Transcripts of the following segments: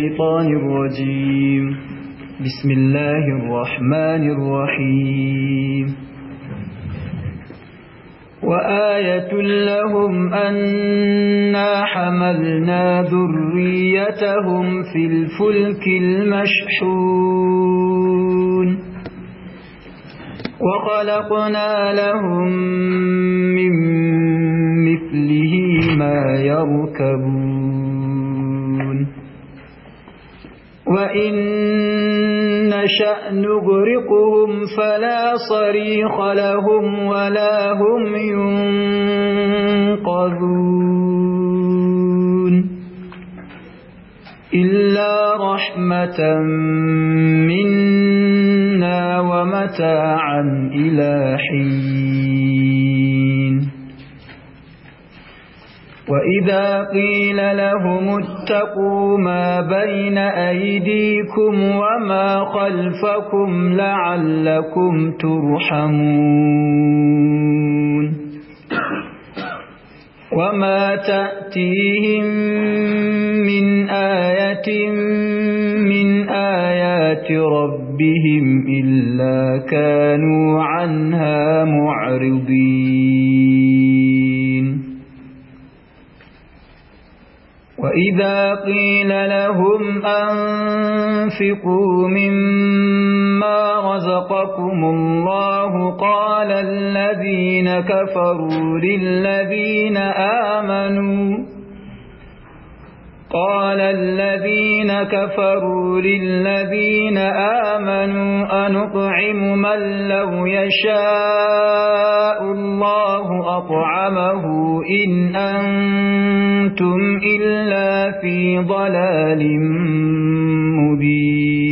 الشيطان الرجيم بسم الله الرحمن الرحيم وآية لهم أنا حملنا ذريتهم في الفلك المشحون وخلقنا لهم من مثله ما يركبون وَإِن نَّشَأْ نُغْرِقْهُمْ فَلَا صَرِيخَ لَهُمْ وَلَا هُمْ يُنقَذُونَ إِلَّا رَحْمَةً مِنَّا وَمَتَاعًا إِلَى حِينٍ وَإِذَا قِيلَ لَهُمُ اتَّقُوا مَا بَيْنَ أَيْدِيكُمْ وَمَا خَلْفَكُمْ لَعَلَّكُمْ تُرْحَمُونَ وَمَا تَأْتِيهِمْ مِنْ آيَةٍ مِنْ آيَاتِ رَبِّهِمْ إِلَّا كَانُوا عَنْهَا مُعْرِضِينَ وَإِذَا قِيلَ لَهُمْ أَنفِقُوا مِمَّا رَزَقَكُمُ اللَّهُ قَالَ الَّذِينَ كَفَرُوا لِلَّذِينَ آمَنُوا قال الذين كفروا للذين آمنوا أنطعم من لو يشاء الله أطعمه إن أنتم إلا في ضلال مبين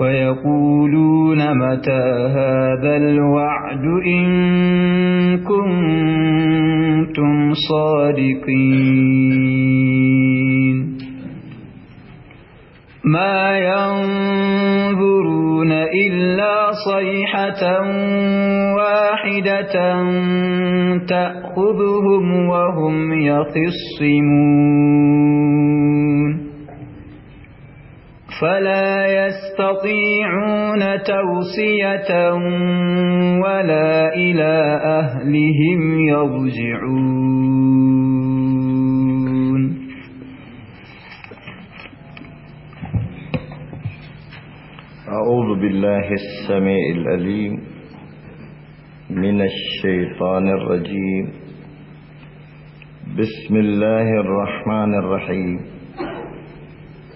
ويقولون متى هذا الوعد إن كنتم صادقين ما ينظرون إلا صيحة واحدة تأخذهم وهم يخصمون فلا يستطيعون توصية ولا إلى أهلهم يرجعون أعوذ بالله السميع الأليم من الشيطان الرجيم بسم الله الرحمن الرحيم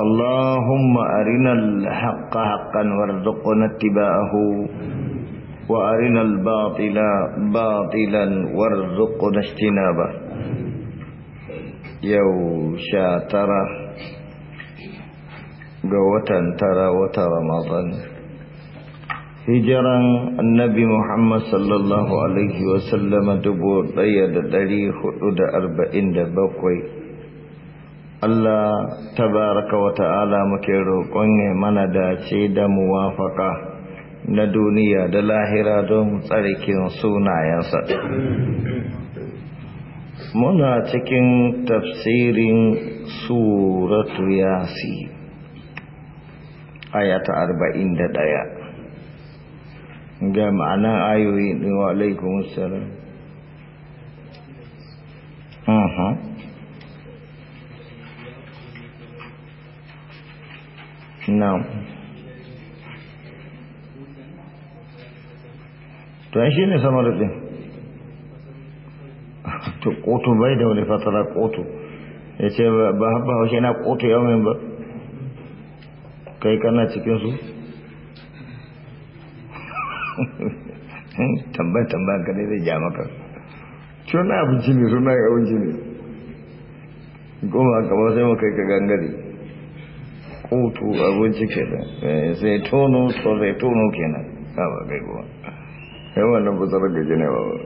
اللهم أرنا الحق حقا وارزقنا اتباعه وأرنا الباطل باطلا وارزقنا اجتنابه يو شاترة قوة ترى وترمضان hijiran annabi Muhammad sallallahu Alaihi wasallam dubu ɗaya da ɗari hudu da arba'in da bakwai Allah tabaraka wa ta'ala muke roƙon ya mana dace da muwafaka na duniya da lahira don tsarkin sunayensa. Muna cikin tafsirin suratu yasi ayata arba'in da ɗaya ga ma'anan ayoyi ɗin wa alaikun salam. Uh -huh. na'am to an shi ne samar da to ƙoto bai da wani fatara ƙoto ya ce ba haɓa haushe na ƙoto yau mai ba kai kana cikinsu tambayin tambayin kadai zai ja maka cuna abinci ne suna yawon jini goma kamar sai maka kai ka gangare utu abinci da sai eh, tono to zai tono kenan ka ba kai kuma kai wannan ba zaba gaji ne ba ba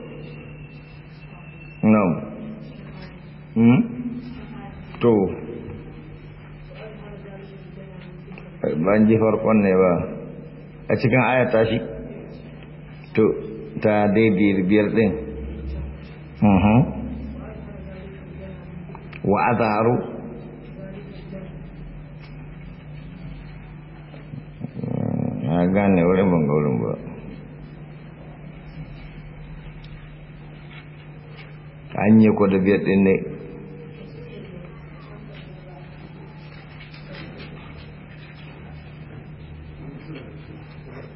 No. hmm to ban ji farkon ne ba a cikin ayata shi to ta daidai biyar din mhm. wa azaru an yi da biyar ɗin ne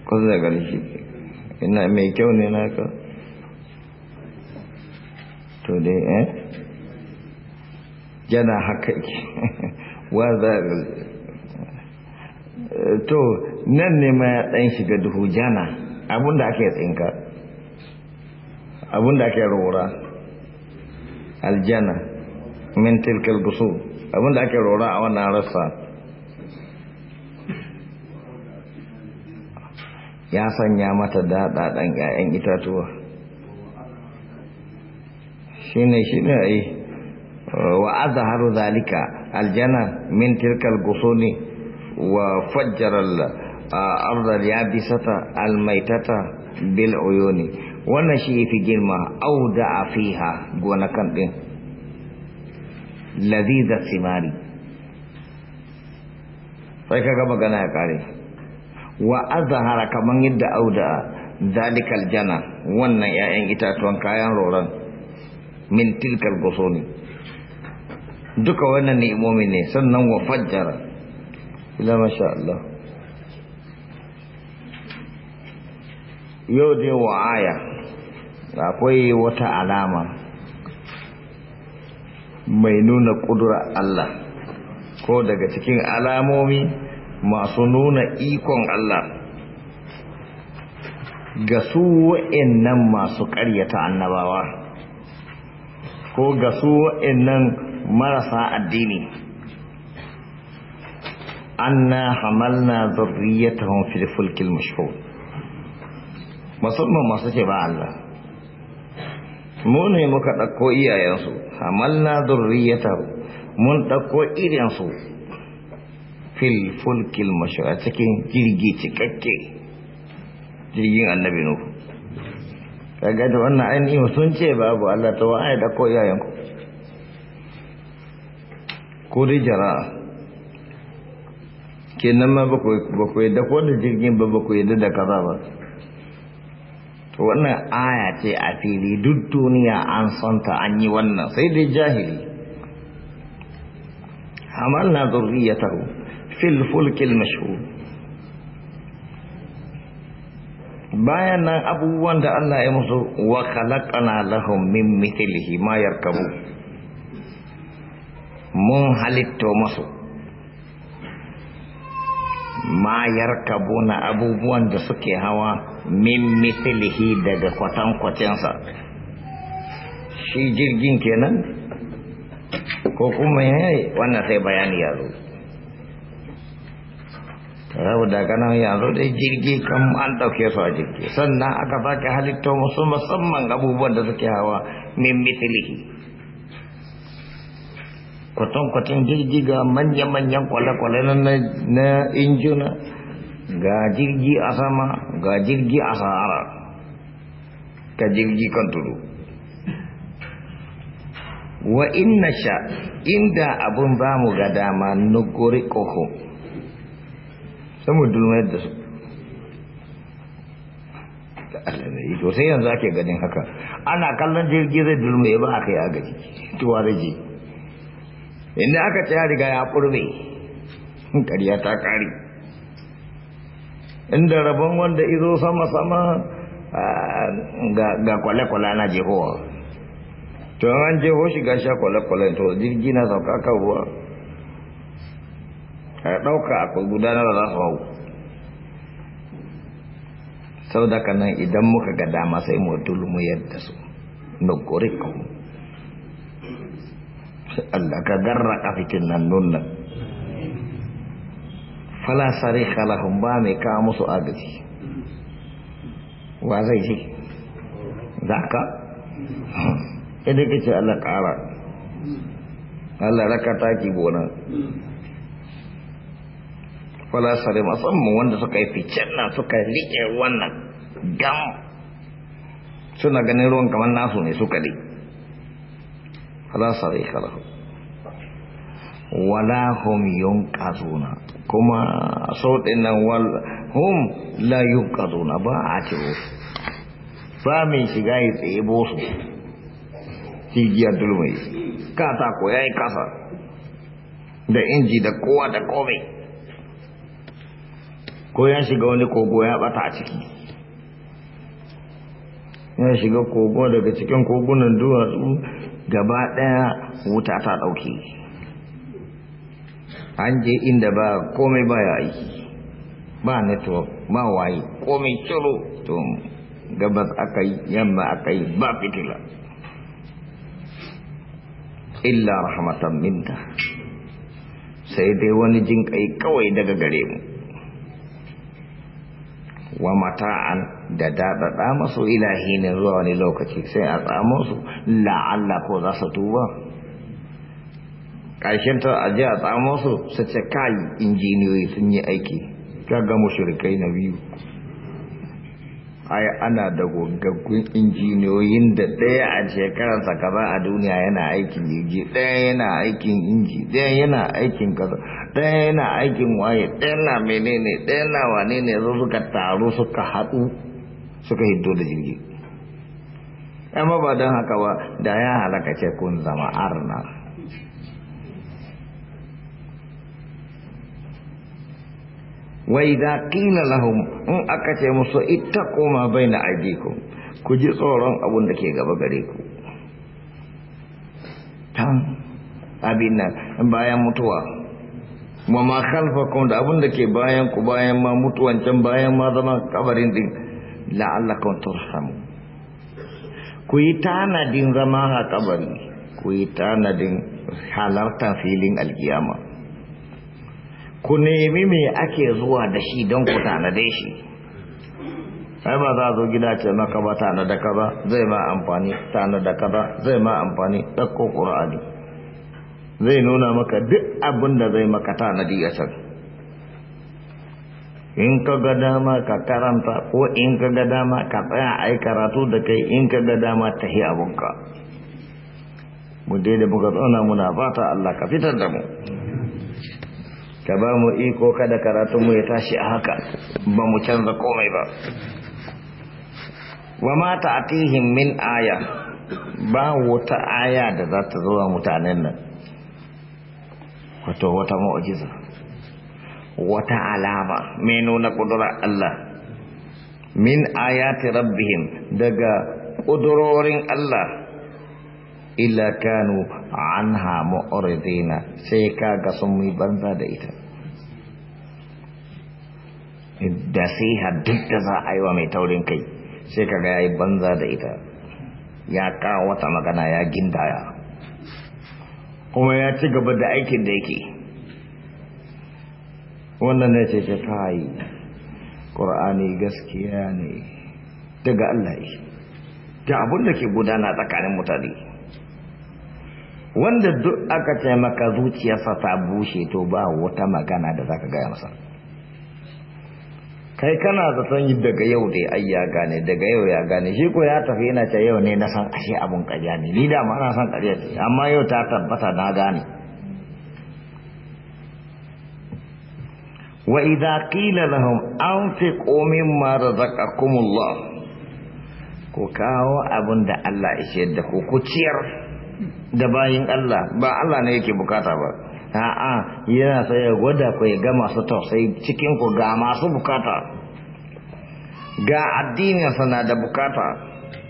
kusa da ƙarshe ina mai kyau ne na ka to dai eh yana haka wa za eh, to nan ne ma ya ɗan shiga duhu jana abinda yi tsinka abinda yi rora aljana min tilkal busu abinda ake rora a wannan rassa ya sanya mata daɗaɗan ‘ya'yan itatuwa shi ne shi ne ai wa'aza haru zalika aljana min tilkal gusuni wa fajjarar arzal ya bisata almaitata bil uyuni wannan shi yafi girma auda da a fiha gonakan ɗin laziza simari sai kaga magana ya kare wa azhara kaman yadda auda zalikal jana wannan 'ya'yan itatuwan kayan roron min tilkal gusoni duka wannan ni'imomi ne sannan wa fajjara ila masha Allah yau dai wa aya akwai wata alama mai nuna ƙudura Allah ko daga cikin alamomi masu nuna ikon Allah ga su wa'annan masu ƙaryata annabawa ko ga su wa'annan marasa addini anna hamalna zurriyatahum fil fulkil mashhur musamman masu ce ba Allah mu ne muka ɗauko iyayensu hamalna zurriyatahu mun ɗauko irinsu fil fulkil mashu a cikin jirgi cikakke jirgin annabi nuhu kaga da wannan ainihin sun ce babu Allah ta wa'ai iyayen iyayenku ko dai jara'a kenan ma ba ku yadda ko da jirgin ba ba ku yadda da kaza ba wannan aya ce a fili duk duniya an santa an yi wannan sai dai jahili hamalna zurriyatahu fil fulkil mashhur bayan nan abubuwan da Allah ya musu wa khalaqana lahum min mithlihi ma yarkabu mun halitto musu ma yarkabuna abubuwan da suke hawa min mithlihi daga kwatankwacinsa shi jirgin kenan ko kuma yayi wannan sai bayani ya zo rabu daga nan yanzu dai jirgi kan an ɗauke su a jirgi sannan aka sake halitta musu musamman abubuwan da suke hawa min mitilihi kwatankwatan jirgi ga manya-manyan kwale-kwale na injuna ga jirgi a sama ga jirgi a sahara ka jirgi kan tudu wa inna sha inda abun ba mu ga dama nuguri samun sai mu su da su to sai yanzu ake ganin haka ana kallon jirgi zai ya ba aka yi agaji tuwa da ji inda aka ciyar riga ya ƙurbe ƙarya ta ƙari inda rabon wanda izo sama-sama ga kwale-kwale na jihowa to an jeho shiga sha kwale-kwale to jirgi na sauka kan ruwa a ɗauka akwai gudanar da za su hau sau da kanan idan muka ga dama sai mu dulmu yadda su na gorikau Allah ka garra kafikin nan nunan fala sare lahum ba mai kawo musu agaji wa zai ce da ka idan ka ce Allah kara Allah raka taki gona fala sare musamman wanda suka yi ficen na suka riƙe wannan gam suna ganin ruwan kamar nasu ne suka ne fala sare ka wala hum yunqazuna kuma so dinnan wal hum la yunqazuna ba a ce ba mai shiga ya tsaye su cigiyar dulmai katako ya yi kasa da inji da kowa da kome ko ya shiga wani kogo ya bata a ciki ya shiga kogo daga cikin kogunan duwatsu gaba daya wuta ta ɗauke. an je inda ba komai ba ya aiki ba network ba waye komai tsoro to gabas aka yi yamma aka yi ba fitila illa rahmatan minta sai dai wani jin kai kawai daga gare mu wa mata'an da daɗaɗa masu ilahi ne zuwa wani lokaci sai a tsamo su la'alla ko za su tuba ƙarshen ta a a tsamo su su ce kai injiniyoyi sun yi aiki kaga shirikai na biyu ai ana da gogaggun injiniyoyin da ɗaya a shekararsa kaza a duniya yana aikin inji ɗaya yana aikin inji ɗaya yana aikin kaza ɗaya yana aikin waye ɗaya na menene ɗaya na wane ne zo suka taru suka haɗu suka hiddo da jirgi amma ba don haka ba da ya halaka ce kun zama arna وإذا قيل لهم إن أكتي مصر اتقوا ما بين أيديكم كجي صورا أبون دكي غبغريكو bayan mutuwa ma da da ke bayan ku bayan ma mutuwan can bayan ma kabarin din turhamu ku yi tanadin zama a kabari ku yi tanadin halarta filin alkiyama ku nemi me ake zuwa da shi don ku tanade shi Sai ba za zo gida ce maka ba tana da kaza zai ma amfani tana da kaza zai ma amfani ɗauko ƙur'ani zai nuna maka duk abin da zai maka tanadi da san in ka ga dama ka karanta ko in ka ga dama ka tsaya a yi karatu da kai in ka ga dama ta yi abinka mu dai da muka tsona muna fata Allah ka fitar da mu ka ba mu iko kada karatun mu ya tashi a haka ba mu canza komai ba wa ma ta'tihim min aya ba wata aya da za ta zo wa mutanen nan wato wata mu'jiza wata alama mai nuna kudura Allah min ayati rabbihim daga kudurorin Allah illa kanu anha mu'ridina sai kaga sun yi banza da ita da sai duk da za a yi wa mai taurin kai sai kaga yayi banza da ita ya kawo wata magana ya gindaya kuma ya ci gaba da aikin da yake wannan ne ce ta yi. ƙur'ani gaskiya ne daga Allah ta abin da ke gudana tsakanin mutane wanda duk aka ce maka zuciyarsa ta bushe to ba wata magana da zaka gaya masa kai kana yi daga yau dai ai gane daga yau ya gane shi ko ya tafi yana ce yau ne na san ashe abun ƙarya ne ni da ma na san ƙarya ce amma yau ta tabbata na gane wa idza qila lahum anfiqu mimma razaqakumullah ku kawo abun da Allah ya ciyar da ku ku ciyar da bayin Allah ba Allah ne yake bukata ba a'a yana sai ya gwada ku ya ga masu tausayi cikin ku ga masu bukata ga addinin suna da bukata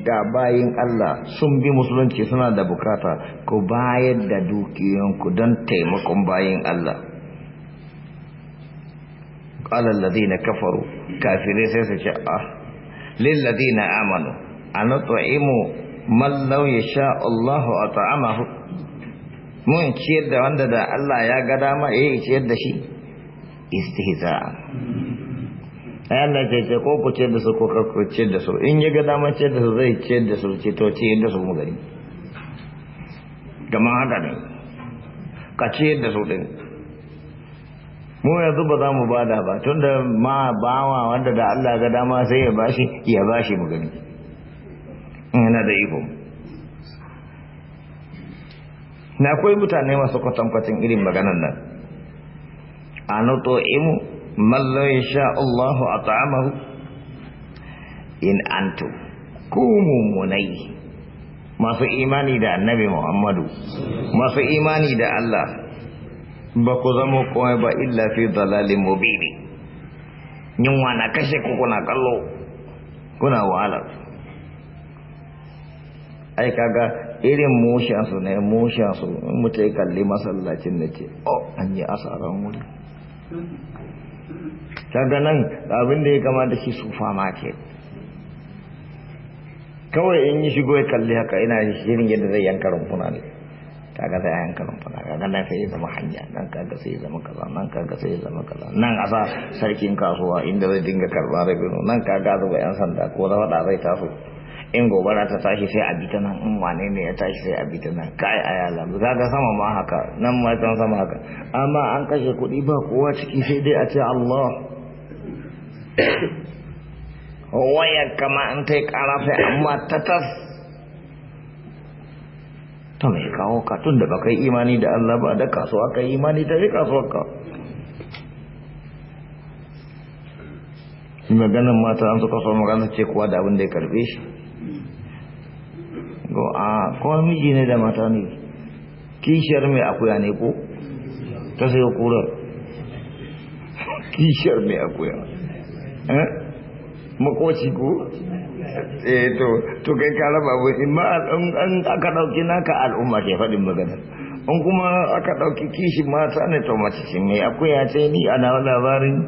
ga bayin Allah sun bi musulunci suna da bukata ku bayar da dukiyanku don taimakon bayin Allah qala na kafaru kafirai sai su ce na ah, lil ladina amanu Imo. mallau ya sha Allahu a ta'amahu mun ciyar da wanda da Allah ya ga dama eh, ya yi ciyar da shi istihza ai Allah ke ce ko ku ciyar da su ko kar ku ciyar da su in ya ga dama ciyar da su zai ciyar da su ce to ciyar da su mu gani gama haka ne ka ciyar da su din mu yanzu ba za mu bada ba tunda ma bawa wanda da Allah ga dama sai ya bashi ya bashi mu gani yana da iko na akwai mutane masu kwatankwacin irin maganan nan a nuto imu mallo sha Allahu a ta'amahu in antu ku mummunai masu imani da annabi Muhammadu masu imani da Allah ba ku zama kowai ba illa fi mobili yin yunwa na kashe ku kuna kallo kuna wahalar ai kaga irin mushen su ne mushen su mutai kalli masallacin da ce oh an yi asaran wuri kaga nan abin da ya kamata shi su fama ke kawai in yi shigo ya kalli haka ina shirin yadda zai yanka rumfuna ne kaga zai yanka rumfuna kaga nan sai ya zama hanya nan kaga sai ya zama kaza nan kaga sai ya zama kaza nan a sa sarkin kasuwa inda zai dinga karɓa rabino nan kaga zuba yan sanda ko da zai taso in gobara ta tashi sai a bita nan in wane ne ya tashi sai a bita nan kai a yala ba ga sama ma haka nan ma can sama haka amma an kashe kuɗi ba kowa ciki sai dai a ce Allah Waya kama an ta kara sai amma ta tas ta mai kawo ka tun da baka yi imani da Allah ba da kasuwa ka yi imani ta yi kasuwa ka maganan mata an suka so magana ce kuwa da abin da ya karbe shi go ah, a kawai miji ne da mata ne kishiyar mai akuya ne ko ta sai kurar kishiyar mai akuya eh? makoci ko eh to to kai ka raba abu in ma an aka dauki naka al'umma ke fadin magana an kuma aka dauki kishi mata ne to mace ce mai akuya ce ni ana labarin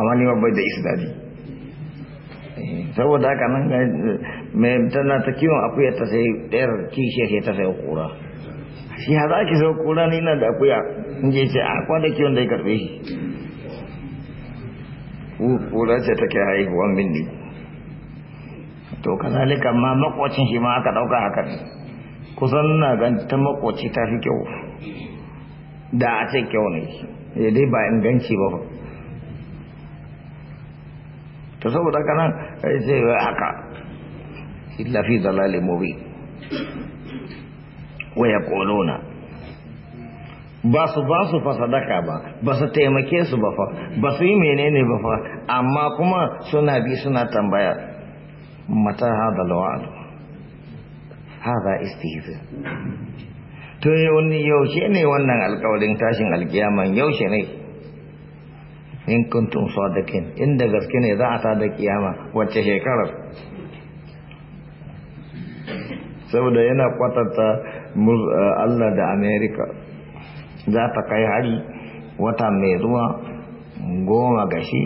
amma ni bai da isdadi eh, saboda haka nan mai tana ta kiwon akwai ta sai ɗayar kishe sai ta sai kura shi ya za ki sai kura ni na da akuya in je ce a kwada kiwon da ya karɓe shi kura ce take haihuwan min ne to kazalika ma makwacin shi ma aka ɗauka haka kusan na gan ta makwaci ta fi kyau da a ce kyau ne ya eh, dai ba inganci ba ba to saboda kanan sai haka إلا في ضلال مبين ويقولون ba su ba su fa sadaka ba ba su taimake su ba fa ba su yi menene ba fa amma kuma suna bi suna tambaya mata hada lawa'ad hada istihza to yaushe ne wannan alkawarin tashin alkiyaman yaushe ne in kuntum in inda gaske ne za a tada kiyama wacce shekarar saboda yana kwatanta eh, Allah da Amerika za ta kai hari wata mai zuwa goma gashi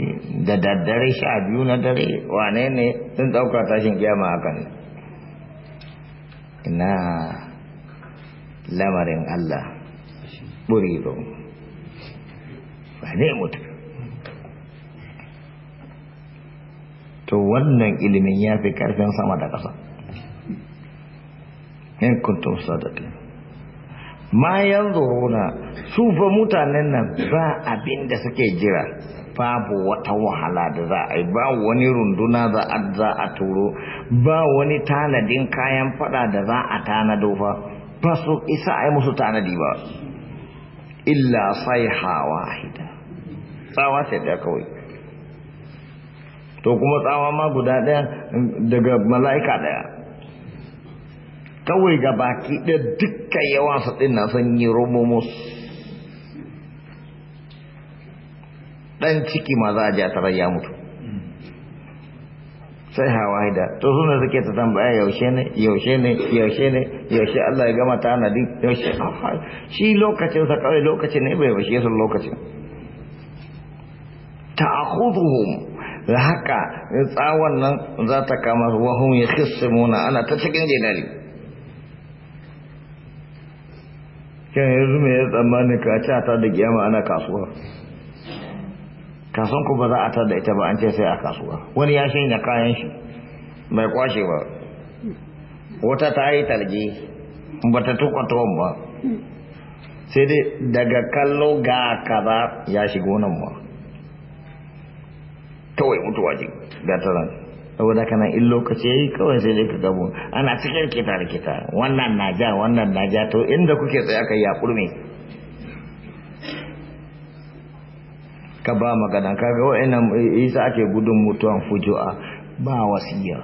da daddare sha biyu na dare wane ne sun ɗauka tashin kiyama haka ne na lamarin Allah buri ba ne mutu to wannan ilimin ya fi karfin sama da ƙasa in kuntum sadiqin ma yanzuruna su fa mutanen nan ba abin da suke jira babu wata wahala da za a yi ba wani runduna za a za a turo ba wani tanadin kayan fada da za a tanado fa ba su isa a yi musu tanadi ba illa saiha wahida tsawa sai da kawai to kuma tsawa ma guda daya daga mala'ika daya kawai ga baki da dukkan yawan su din na son yi romomus dan ciki ma za a ji a tarar ya mutu sai hawa da to suna suke ta tambaya yaushe ne yaushe ne yaushe ne yaushe Allah ya gama ta tanadi yaushe shi lokacin sa kawai lokacin ne bai bashe sun lokacin ta'khudhuhum haka tsawon nan za ta kama wa hum yakhsimuna ana ta cikin jinali kan yanzu mai ya tsammanin ka ci a da giyama ana kasuwa kasuwan ku ba za a tada da ita ba an ce sai a kasuwa wani ya shanya kayan shi mai kwashe kwashewa wata ta yi talge ba ta tuka tuwon ba sai dai daga kallo ga kaza ya shigo nan ba kawai mutuwa ce ga ta saboda kana in lokaci yayi kawai sai dai ka gabo ana cikin kita da kita wannan na ja wannan na ja to inda kuke tsaye aka yi a kurme ka ba magana kaga wa'annan eh, eh, isa ake gudun mutuwan fujo'a ba wasiya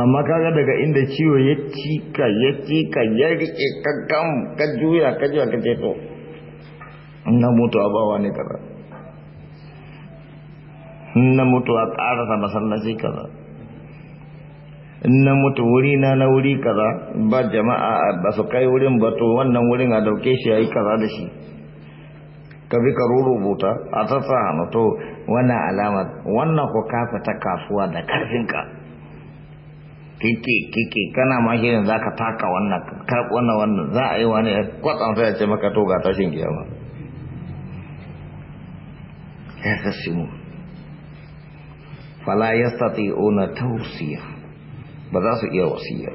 amma kaga daga inda ciwo ya cika ya cika ya rike ka gam ka juya ka juya ka ce to na mutu ba wani kaza na mutu a ƙarasa masallaci kaza na mutu wuri na na wuri kaza ba jama'a ba su kai wurin ba to wannan wurin a dauke shi ya yi kaza da shi ka bi ka rubuta a tsatsa hannu to wannan alama wannan ku kafa ta kasuwa da karfinka kike kike kana ma shirin za ka taka wannan wannan wannan za a yi wani kwatsan sai ya ce maka to ga tashin giyama ya kasimu fala ona tawsiya ba za su iya wasiya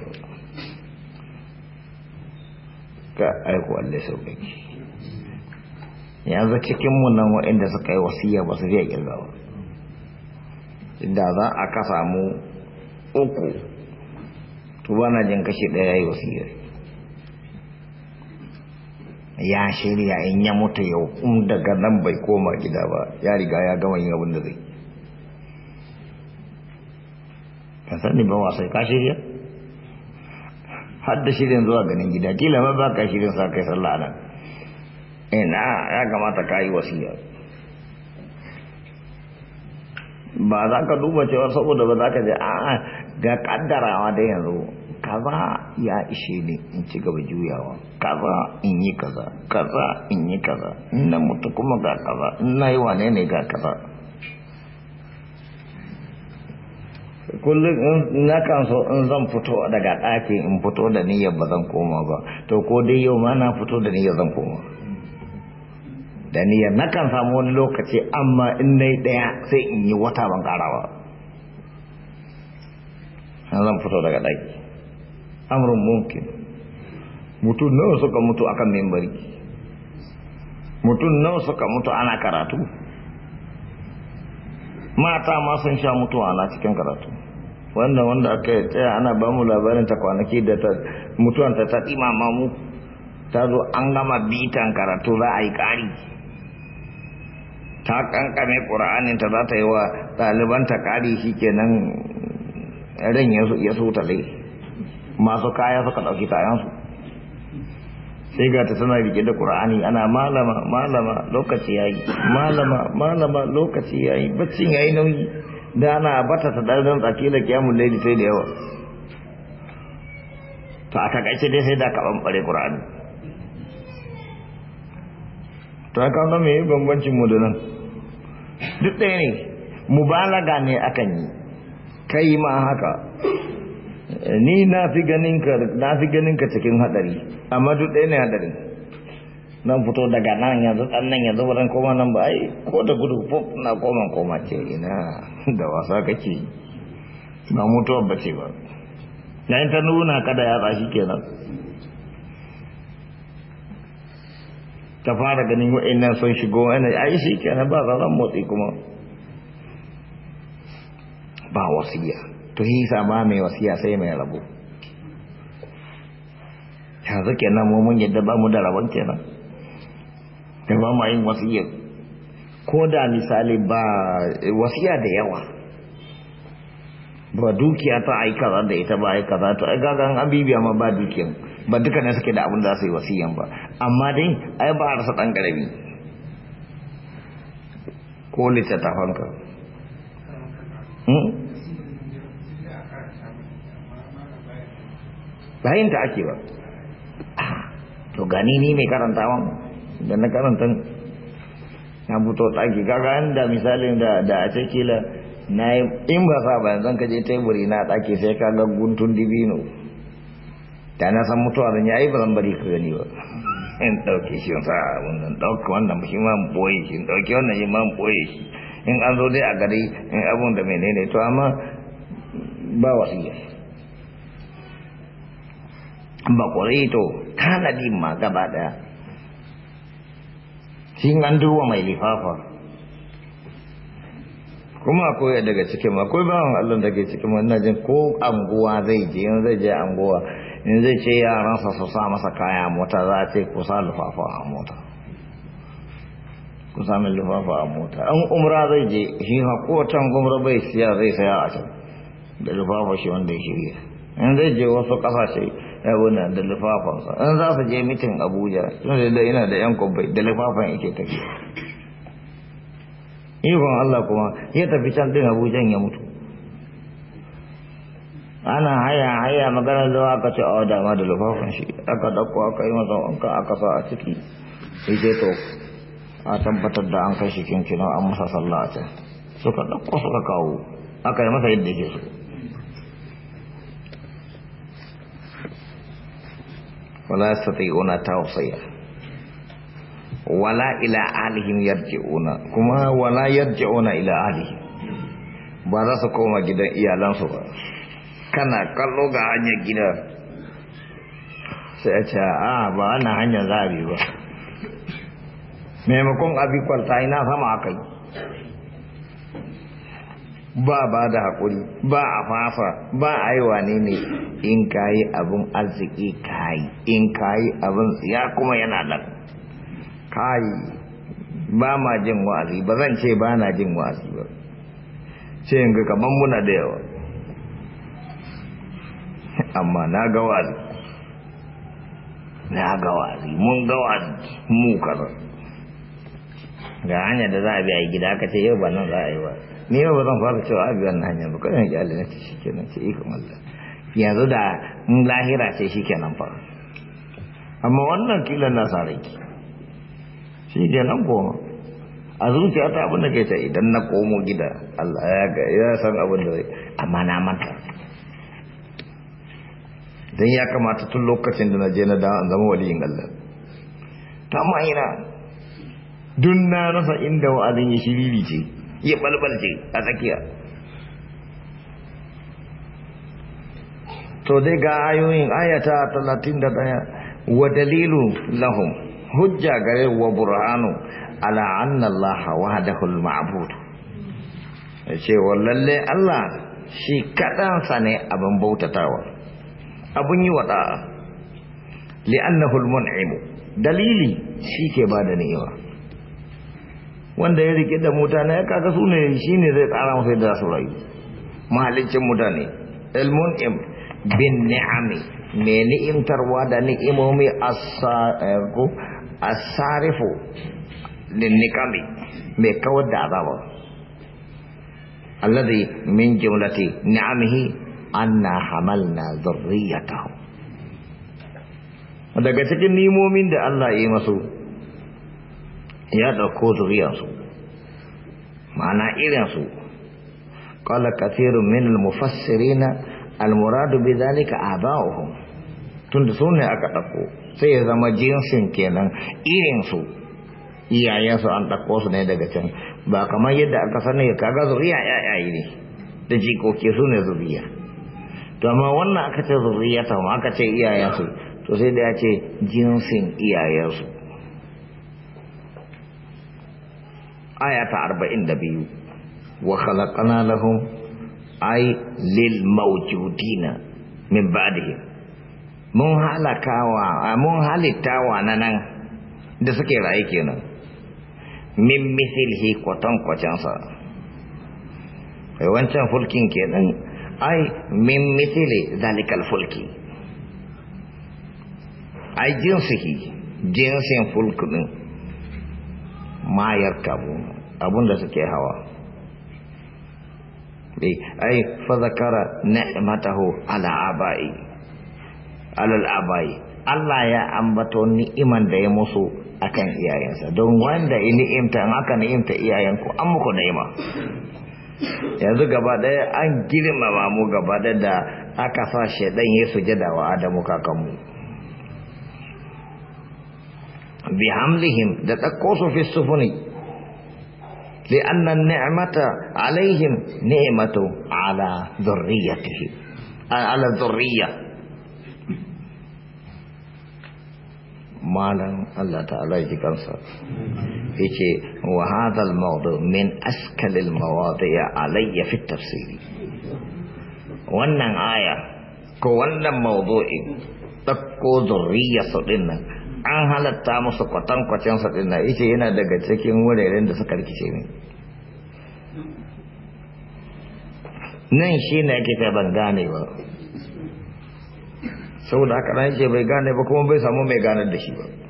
ka aiko Allah sauƙaƙi yanzu cikin mu nan waɗanda suka yi wasiya ba su fiye ƙirga ba inda za a ka samu uku to ba na jin kashi ɗaya ya yi wasiyar ya shirya in ya mutu yau kun daga nan bai koma gida ba ya riga ya gama yin abin da zai Ka sani ba wasai ka shirya har da shirin zuwa ganin gida kila ma ba ka shirin sa kai sallah nan ina ya kamata ka yi wasiya ba za ka duba cewa saboda ba za ka je a'a ga kaddarawa da yanzu kaza ya ishe ni in ci gaba juyawa kaza in yi kaza kaza in yi kaza na mutu kuma ga kaza na yi wane ne ga kaza kullum in na kan so in zan fito daga ɗaki in fito da niyyar ba zan koma ba to ko dai yau ma na fito da niyyar zan koma da niyyar na kan samu wani lokaci amma in na yi ɗaya sai in yi wata ban ƙarawa zan fito daga ɗaki amurin mumkin mutum nawa suka mutu akan membari mutum nawa suka mutu ana karatu mata ma sun sha mutuwa na cikin karatu wanda wanda aka tsaya ana ba mu labarin ta kwanaki da ta mutuwan ta ta imama ta zo an gama bitan karatu za a yi ƙari ta kankame ƙura'anin ta za ta yi wa ɗalibanta ƙari shi kenan ran ya su masu kaya suka ɗauki kayansu sai ga ta tana rike da qur'ani ana malama malama lokaci yayi malama malama lokaci yayi baccin yayi nauyi da ana bata ta dan tsaki da kiyamul laili sai da yawa to aka gace dai sai da ka bambare qur'ani to aka ga me bambancin mu da nan duk ɗaya ne mubalaga ne akan yi kai ma haka eh, ni na fi ganin ka cikin hadari amma duk ɗaya ne hadarin nan fito daga nan yanzu ɗan nan yanzu ba koma nan ba ai ko da gudu ko na koma koma ce ina da wasa kake na mutuwar ba ce ba yayin ta nuna kada ya tsashi kenan ta fara ganin wa'annan sun shigo wani ai shi kenan ba zan motsi kuma ba wasiya to hisa ba mai wasiya sai mai rabo yanzu kenan mu mun yadda ba mu da rabon kenan da ba ma yin wasiyar ko da misali ba wasiya da yawa ba dukiya ta ai kaza da ita ba ai kaza to ai an bibiya ma ba dukiyan ba duka ne suke da abin da su yi wasiyan ba amma dai ai ba a rasa dan garabi ko littattafanka hmm? bayan ta ake ba to gani ni mai karantawan da na karanta na buto tsaki kaga da misalin da da a ce kila na yi in ba sa bayan zan kaje taiburi na tsaki sai ka ga guntun dibino da na san mutuwa zan yi ba zan bari ka gani ba in ɗauke shi sa wannan ɗauke wannan shi ma boye shi in ɗauke wannan shi ma boye shi in an zo dai a gari in abun da menene to amma ba wasiya bakwarito tanadin ma gaba daya Shin an duwa mai lifafa kuma akwai daga cikin akwai bawan Allah da ke cikin wannan jin ko anguwa zai je zai je anguwa in zai ce yaransa su sa masa kaya mota za a ce kusa lufafa a mota Kusa min lufafa a mota an umra zai je shi ha ko tan gumra bai siya zai saya a can da lufafa shi wanda ya shirya in zai je wasu kasashe abuna da lifafansa an za su je mitin abuja sun da yana da yan kubbai da lifafan yake tafi ikon allah kuma ya tafi can din abujan ya mutu ana haya haya maganar da aka ce a oh, wada ma da lifafan shi aka dauko aka yi masa wanka aka sa a ciki sai je to a tabbatar da an kai shi kinkino an masa sallah a can suka dauko suka kawo aka yi masa yadda yake so ولا يستطيعون توصية ولا إلى أهلهم يرجعون كما ولا يرجعون إلى أهلهم ba za su koma gidan iyalansu ba kana kallo ga hanyar gida sai a ce a ah, ba wannan hanyar za a bi ba maimakon abi kwalta ina sama a kai. ba ba da haƙuri ba a fafa ba a yi wane ne in kayi abin arziki ka yi in ka yi abin ya kuma yana nan Kayi ba ma jin wa'azi ba zan ce ba na jin wa'azi ba ce in ga kaman muna da yawa amma na ga wa'azi na ga wa'azi mun ga wa'azi mu kaza ga hanyar da za a biya gida aka ce yau ba nan za a yi wa'azi ni ba zan fara cewa abi wannan hanyar ba kai ya Allah nake shikenan ce ikon Allah yanzu da in lahira ce shikenan fa amma wannan kila na sare ki shi ke nan koma. a zuciya ta abin da ke ta idan na komo gida Allah ya ga ya san abin da zai amma na manta dan ya kamata tun lokacin da na je na dawo an zama waliyin Allah ta ma'ina dun na rasa inda wa'azin ya shiriri ce ya balbalce a tsakiya to dai ga ayoyin ayata talatin da ɗaya wa dalilu lahum hujja gare wa burhanu ala anna Allah wahdahu mabud ce wallalle Allah shi kaɗansa ne abin bautatawa abin yi wa da'a li'annahu al-mun'im dalili shi ke bada ni'ima wanda ya rike da mutane ya kaga su ne shi ne zai tsara masa yadda su rayu mahalicin mutane ilmun im bin ni'ami mai ni'imtarwa da ni'imomi asarifu eh, lin mai kawar da azaba alladhi min jumlati ni'amihi anna hamalna dhurriyyatahu daga cikin nimomin da Allah ya yi masu ya ɗauko zuriyarsu ma'ana irinsu قال كثير من المفسرين المراد بذلك آباؤهم tunda su ne aka ɗauko sai ya zama jinsin kenan irinsu iyayensu an ɗauko su ne daga can ba kamar yadda aka sani ya kaga zuriya yayaye ne da jikoki su ne zuriya to amma wannan aka ce zuriya ma aka ce iyayensu to sai da ya ce jinsin iyayensu aya ta arba'in da biyu wa khalaqana lahum ay lil mawjudina min ba'dihim mun halakawa mun halittawa wa nan da suke rayu kenan min mithlihi kwatan kwatansa wancan fulkin kenan ai min mithli zalikal fulki ai jinsihi jinsin fulkin mayar yarkabu abunda suke hawa eh, ai fa zakara ni'matahu ala abai ala abai Allah ya ambato ni'iman da ya musu akan iyayensa don wanda in ni'imta in aka ni'imta iyayenku an muku ni'ima yanzu gaba daya an girmama mu gaba da aka sa shaidan ya sujada wa Adamu kakanmu بعملهم دتقوس في السفن لأن النعمة عليهم نعمة على ذريته على الذرية مالا الله تعالى يجيكنسا يجي وهذا الموضوع من أسكل المواضيع علي في التفسير wannan آية ko موضوعي تقو ذرية zurriya an halatta musu kwatankwacin sa din na yace yana daga cikin wuraren da suka rikice ne nan shi ne ake ta ban gane ba saboda haka nan bai gane ba kuma bai samu mai ganar da shi ba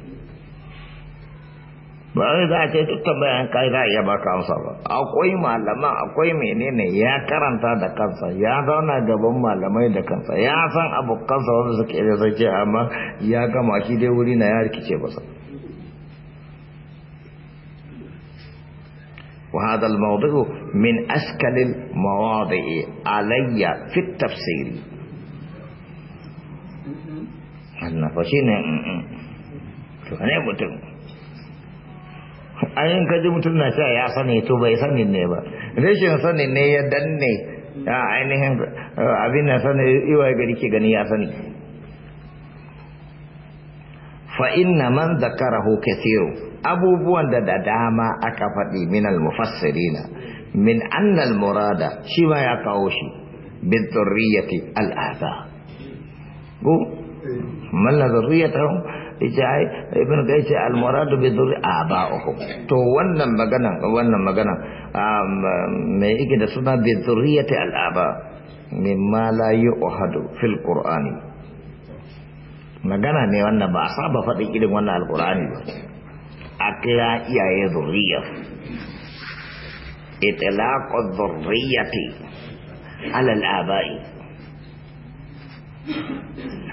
ba za a ce dukkan bayan kai za a iya baka amsa ba akwai malama akwai menene ya karanta da kansa ya zauna gaban malamai da kansa ya san abu kansa wanda suke da zai amma ya gama shi dai wuri na ya rikice masa وهذا الموضوع من أشكل المواضع علي في التفسير أنا فشين أنا متن yin kaji mutum na cewa ya sani to bai sani ne ba rashin sani ne ya danne a ainihin eh, abin na sani iwa gari ke gani ya sani fa ina man zakarahu kathiru abubuwan da da dama aka faɗi min mufassirina min annal murada shi ma ya kawo shi bin zurriyati al'aza ko eh. mallar yace ai ibn qais al muradu bi dhurri aba'uhum to wannan magana wannan magana me yake da suna bi dhurriyati al aba mimma la yu'hadu fil qur'ani magana ne wannan ba a saba irin wannan alqur'ani ba a ya iyaye zurriya itlaqu dhurriyati ala al aba'i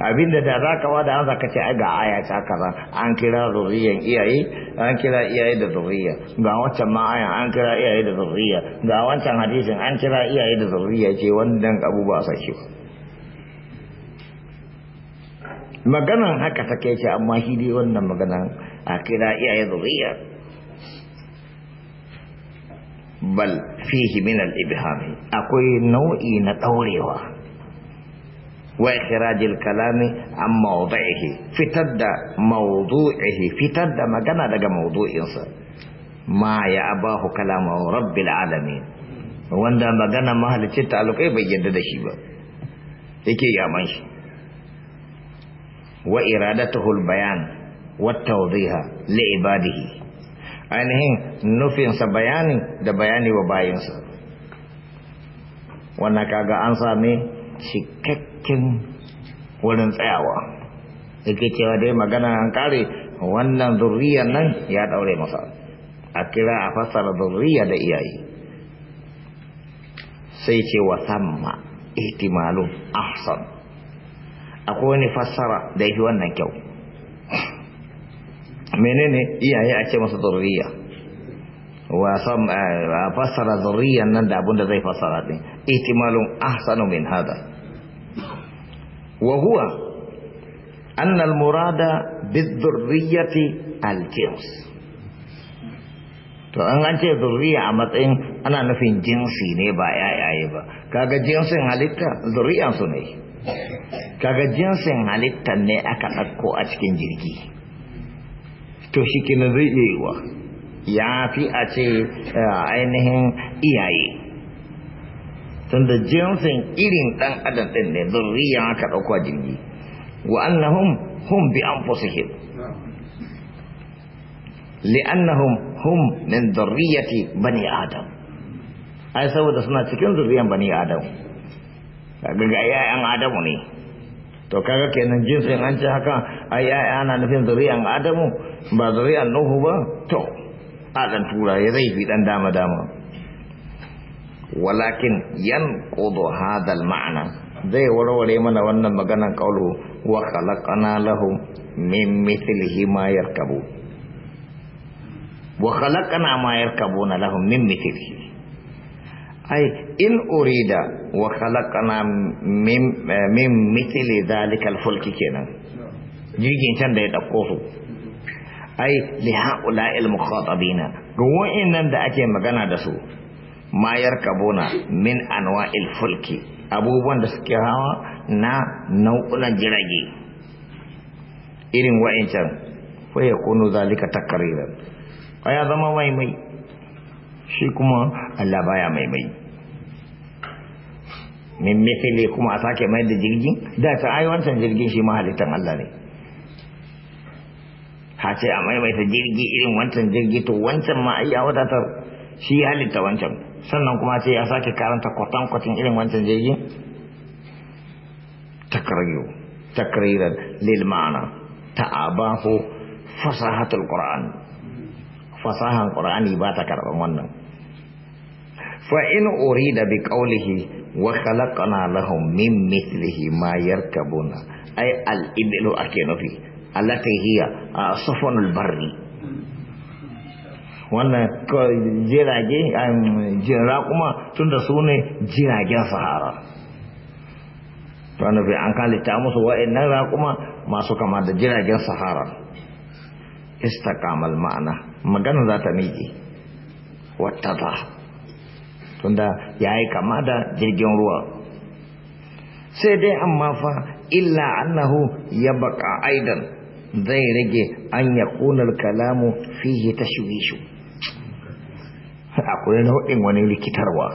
Abin da za ka wada an zaka ce ga aya ta kaza an kira zuriyan iyaye an kira iyaye da zuriya ga wancan ma aya an kira iyaye da zuriya ga wancan hadisin an kira iyaye da zuriya ce wannan abubuwa sa ce maganan haka take ce amma shi dai wannan maganan a kira iyaye zuriya bal fihi min al-ibhami akwai nau'i na daurewa wa ikhrajil kalami an mawdu'ihi fitar da mawdu'ihi fitar da magana daga mawdu'insa ma ya abahu kalamu rabbil alamin wanda magana ta talukai bai yadda da shi ba yake yaman shi wa iradatuhu bayan wa tawdiha li ibadihi ainihin nufinsa bayani da bayani wa bayinsa wannan kaga an same cikakken cikin wurin tsayawa yake cewa dai magana an kare wannan zurriyar nan ya daure masa a kira a fassara zurriya da iyaye sai ce wa samma ihtimalu ahsan akwai wani fassara da yake wannan kyau menene iyaye a ce masa zurriya wa sam eh, a fassara zurriyar nan da abinda zai fassara din ihtimalun ahsanu min hada وهو أن المراد بالذرية الجنس to an an ce zuriya a matsayin ana nufin jinsi ne ba yayaye ba kaga jinsin halitta zuriyan su ne kaga jinsin halitta ne aka ɗauko a cikin jirgi to shi kina zai iya wa ya fi a ce eh, ainihin iyaye tunda jinsin irin dan adam ɗin ne zurriya aka ɗauko jirgi wa annahum hum bi anfusihim li'annahum hum min dhurriyyati bani adam ai saboda suna cikin zurriyan bani adam kaga ga yayan adamu ne to kaga kenan jinsin an ce haka ai yaya ana nufin zurriyan adamu ba zurriyan nuhu ba to a tura ya zai fi dan dama dama walakin yan ƙudu hadal ma'ana zai warware mana wannan maganan ƙaulu wa khalaqana lahum min mithlihi ma yarkabu wa khalaqana ma yarkabuna lahum min mithlihi ai in urida wa khalaqana min min mithli dhalika al-fulki kenan jirgin can da ya dauko su ai li haula al-mukhatabina ga nan da ake magana da su Mayar Kabona min anwa'il fulki abubuwan da suke hawa na nau'unan jirage irin wa'incan fa yakunu zalika takriran ya zama mai mai shi kuma Allah baya mai mai min misali kuma a sake mai da jirgin da ta ai wancan jirgin shi mahalittan Allah ne ha ce a maimaita jirgi irin wancan jirgi to wancan ma yi ya wadatar shi halitta wancan sannan kuma ce ya sake karanta kwatankwacin irin wancan jirgin takriyo takriran lil ta ta'abahu fasahatul qur'an fasahan qur'ani ba ta karban wannan fa in da bi qawlihi wa khalaqna lahum min mithlihi ma yarkabuna ay al iblu akinafi allati hiya safanul barri wannan jirage um, jira kuma tun da su ne jiragen sahara wanda bai an kalita musu wa'annan raƙuma masu kama da jiragen sahara istakamal ma'ana magana za ta miƙe wata ta tunda ya yi kama da jirgin ruwa sai dai amma fa illa annahu ya baka aidan zai rage an ya ƙunar kalamu fiye ta shuwishu akwai nau'in wani rikitarwa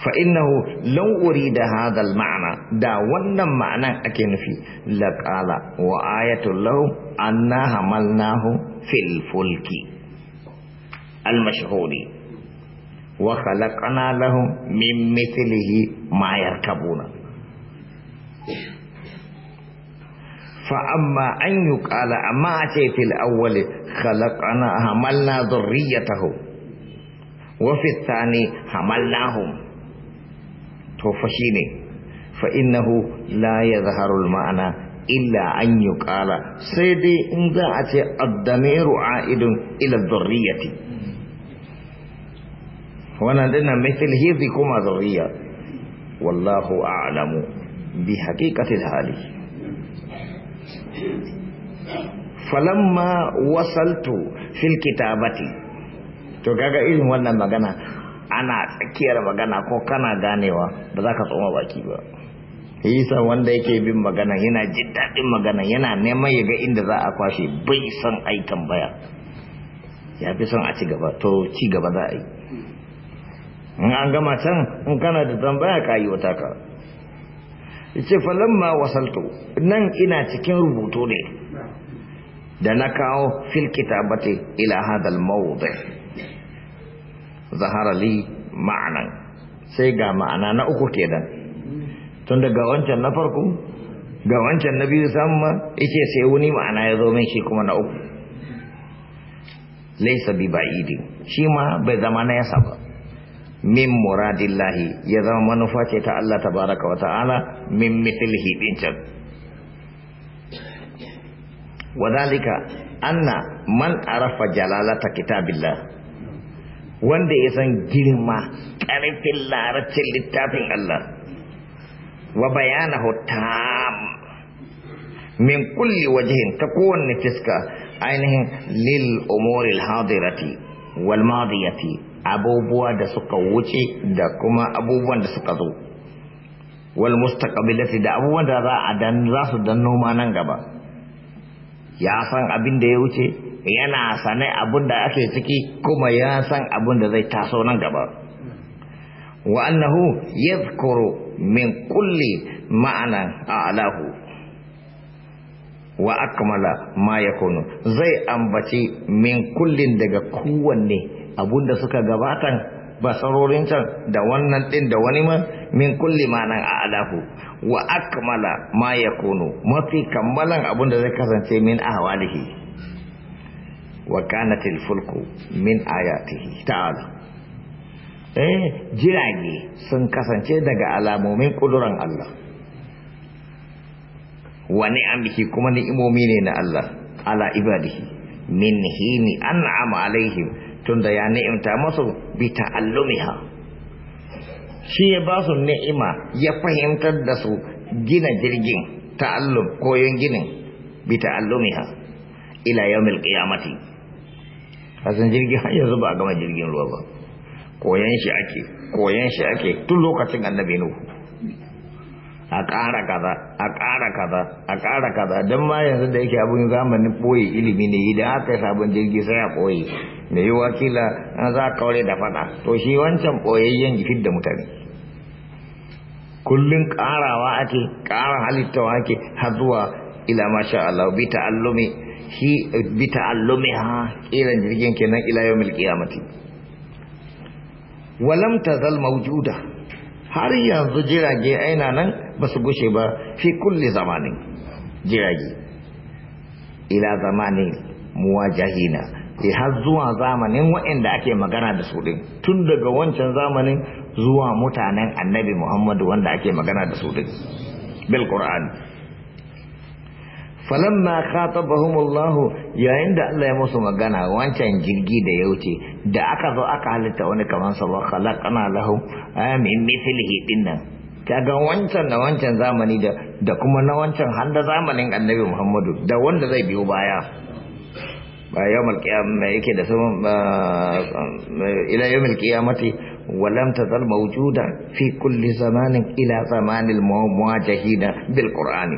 fa'innahu lauri da hadal ma'ana da wannan ma'anan ake nufi laƙala wa ayatul lahu anna hamalnahu fil fulki al-mashhuri wa khalaqna lahum min mithlihi ma yarkabuna fa amma an yuqala amma a ce fil awwali خلقنا حملنا ذريته وفي الثاني حملناهم توفشيني فإنه لا يظهر المعنى إلا أن يقال سيدي إن ذات الضمير عائد إلى الذرية ونادنا مثل هذه كما ذرية والله أعلم بحقيقة الحال falamma wasaltu fil kitabati to kaga irin wannan magana ana tsakiyar magana ko kana ganewa ba za ka tsoma baki ba yisa wanda yake bin magana yana jin daɗin magana yana neman ya ga inda za a kwashe bai son ai tambaya ya fi son a ci gaba to ci gaba za a yi an gama can in kana da tambaya ka yi wata ka ce falamma wasaltu nan ina cikin rubutu ne da na kawo fil kitabati ila hadal mawdi zahara li ma'anan sai ga ma'ana na uku kenan tun daga wancan na farko ga wancan na biyu samma sai wani ma'ana ya zo min shi kuma na uku laysa bi ba'idi shi ma bai zama na yasa ba min muradillahi ya zama manufa ce ta Allah tabaraka wa ta'ala min mithlihi din وذلك Anna man عرف Jalalata كتاب wanda ya san girma ƙarfin larabcin littafin Allah wa bayana tam min kulli wajihin ta kowanne fiska ainihin lil umuril hadirati wal madiyati abubuwa da suka wuce da kuma abubuwan da suka zo wal mustaqbilati da abubuwan da za a dan za su dan noma nan gaba ya san abin da ya wuce yana sane abin da ake ciki kuma ya san abin da zai taso nan gaba wa annahu yadhkuru min kulli ma'ana a'lahu wa akmala ma yakunu zai ambaci min kullin daga kowanne abun da suka gabatan basarorin can da wannan din da wani ma min kulli ma'anan a'lahu wa akmala ma yakunu mafi kammalan abun da zai kasance min ahwalihi wa kanatil fulku min ayatihi ta'ala eh jirage sun kasance daga alamomin kuduran Allah wa ni'amihi kuma ni'imomi ne na Allah ala ibadihi min hini an'ama alaihim tunda ya ni'imta musu bi ta'allumiha shi ya ba su ni'ima ya fahimtar da su gina jirgin ta'allum koyon ginin bi ta'allumiha ila yawmil qiyamati azan jirgin har yanzu ba a gama jirgin ruwa ba koyon shi ake koyon shi ake tun lokacin annabi nuhu a ƙara kaza a ƙara kaza a ƙara kaza don ma yanzu da yake abin zamanin ɓoye ilimi ne idan aka yi sabon jirgi sai a ɓoye mai yi wakila an za a kaure da faɗa to shi wancan ɓoyayyen jikin da mutane kullum ƙarawa ake ƙara halittawa ake har zuwa ila masha Allah bi ta'allumi hi bi kiran jirgin kenan ila yawmil qiyamati walam tazal mawjuda har yanzu jirage aina nan ba su gushe ba fi kulli zamanin jirage ila zamanin muwajahina har zuwa zamanin waɗanda ake magana da su ɗin tun daga wancan zamanin zuwa mutanen annabi muhammadu wanda ake magana da su da bil qur'an falamma khatabahumullahu yayin da Allah ya musu magana wancan jirgi da yauce da aka zo aka halitta wani kaman sa wa khalaqna lahu amin mithlihi dinnan kaga wancan da wancan zamani da da kuma na wancan handa zamanin Annabi Muhammadu da wanda zai biyo baya ba yawmal qiyamah yake da sun ila yawmal qiyamati ولم تزل موجودة في كل زمان إلى زمان المواجهين بالقرآن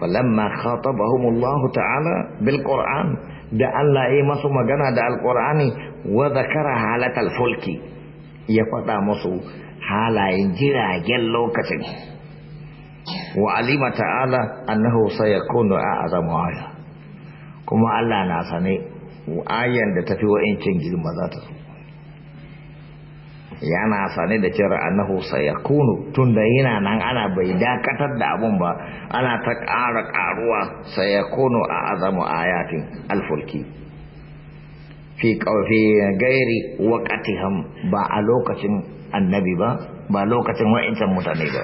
فلما خاطبهم الله تعالى بالقرآن ده الله إيه مصر مجانا ده القرآن وذكر حالة الفلك يفتح مصر حالة جرى جلو كتن وعلم تعالى أنه سيكون أعظم آية كما الله ناسني آية تفي وإن تنجل مذاته yana sane da cewa annahu sayakunu tunda yana nan ana bai dakatar da abun ba ana ta ƙara ƙaruwa sayakunu a azamu ayatin alfulki fi kawfi gairi waƙatiham ba a lokacin annabi ba ba lokacin wa'incan mutane ba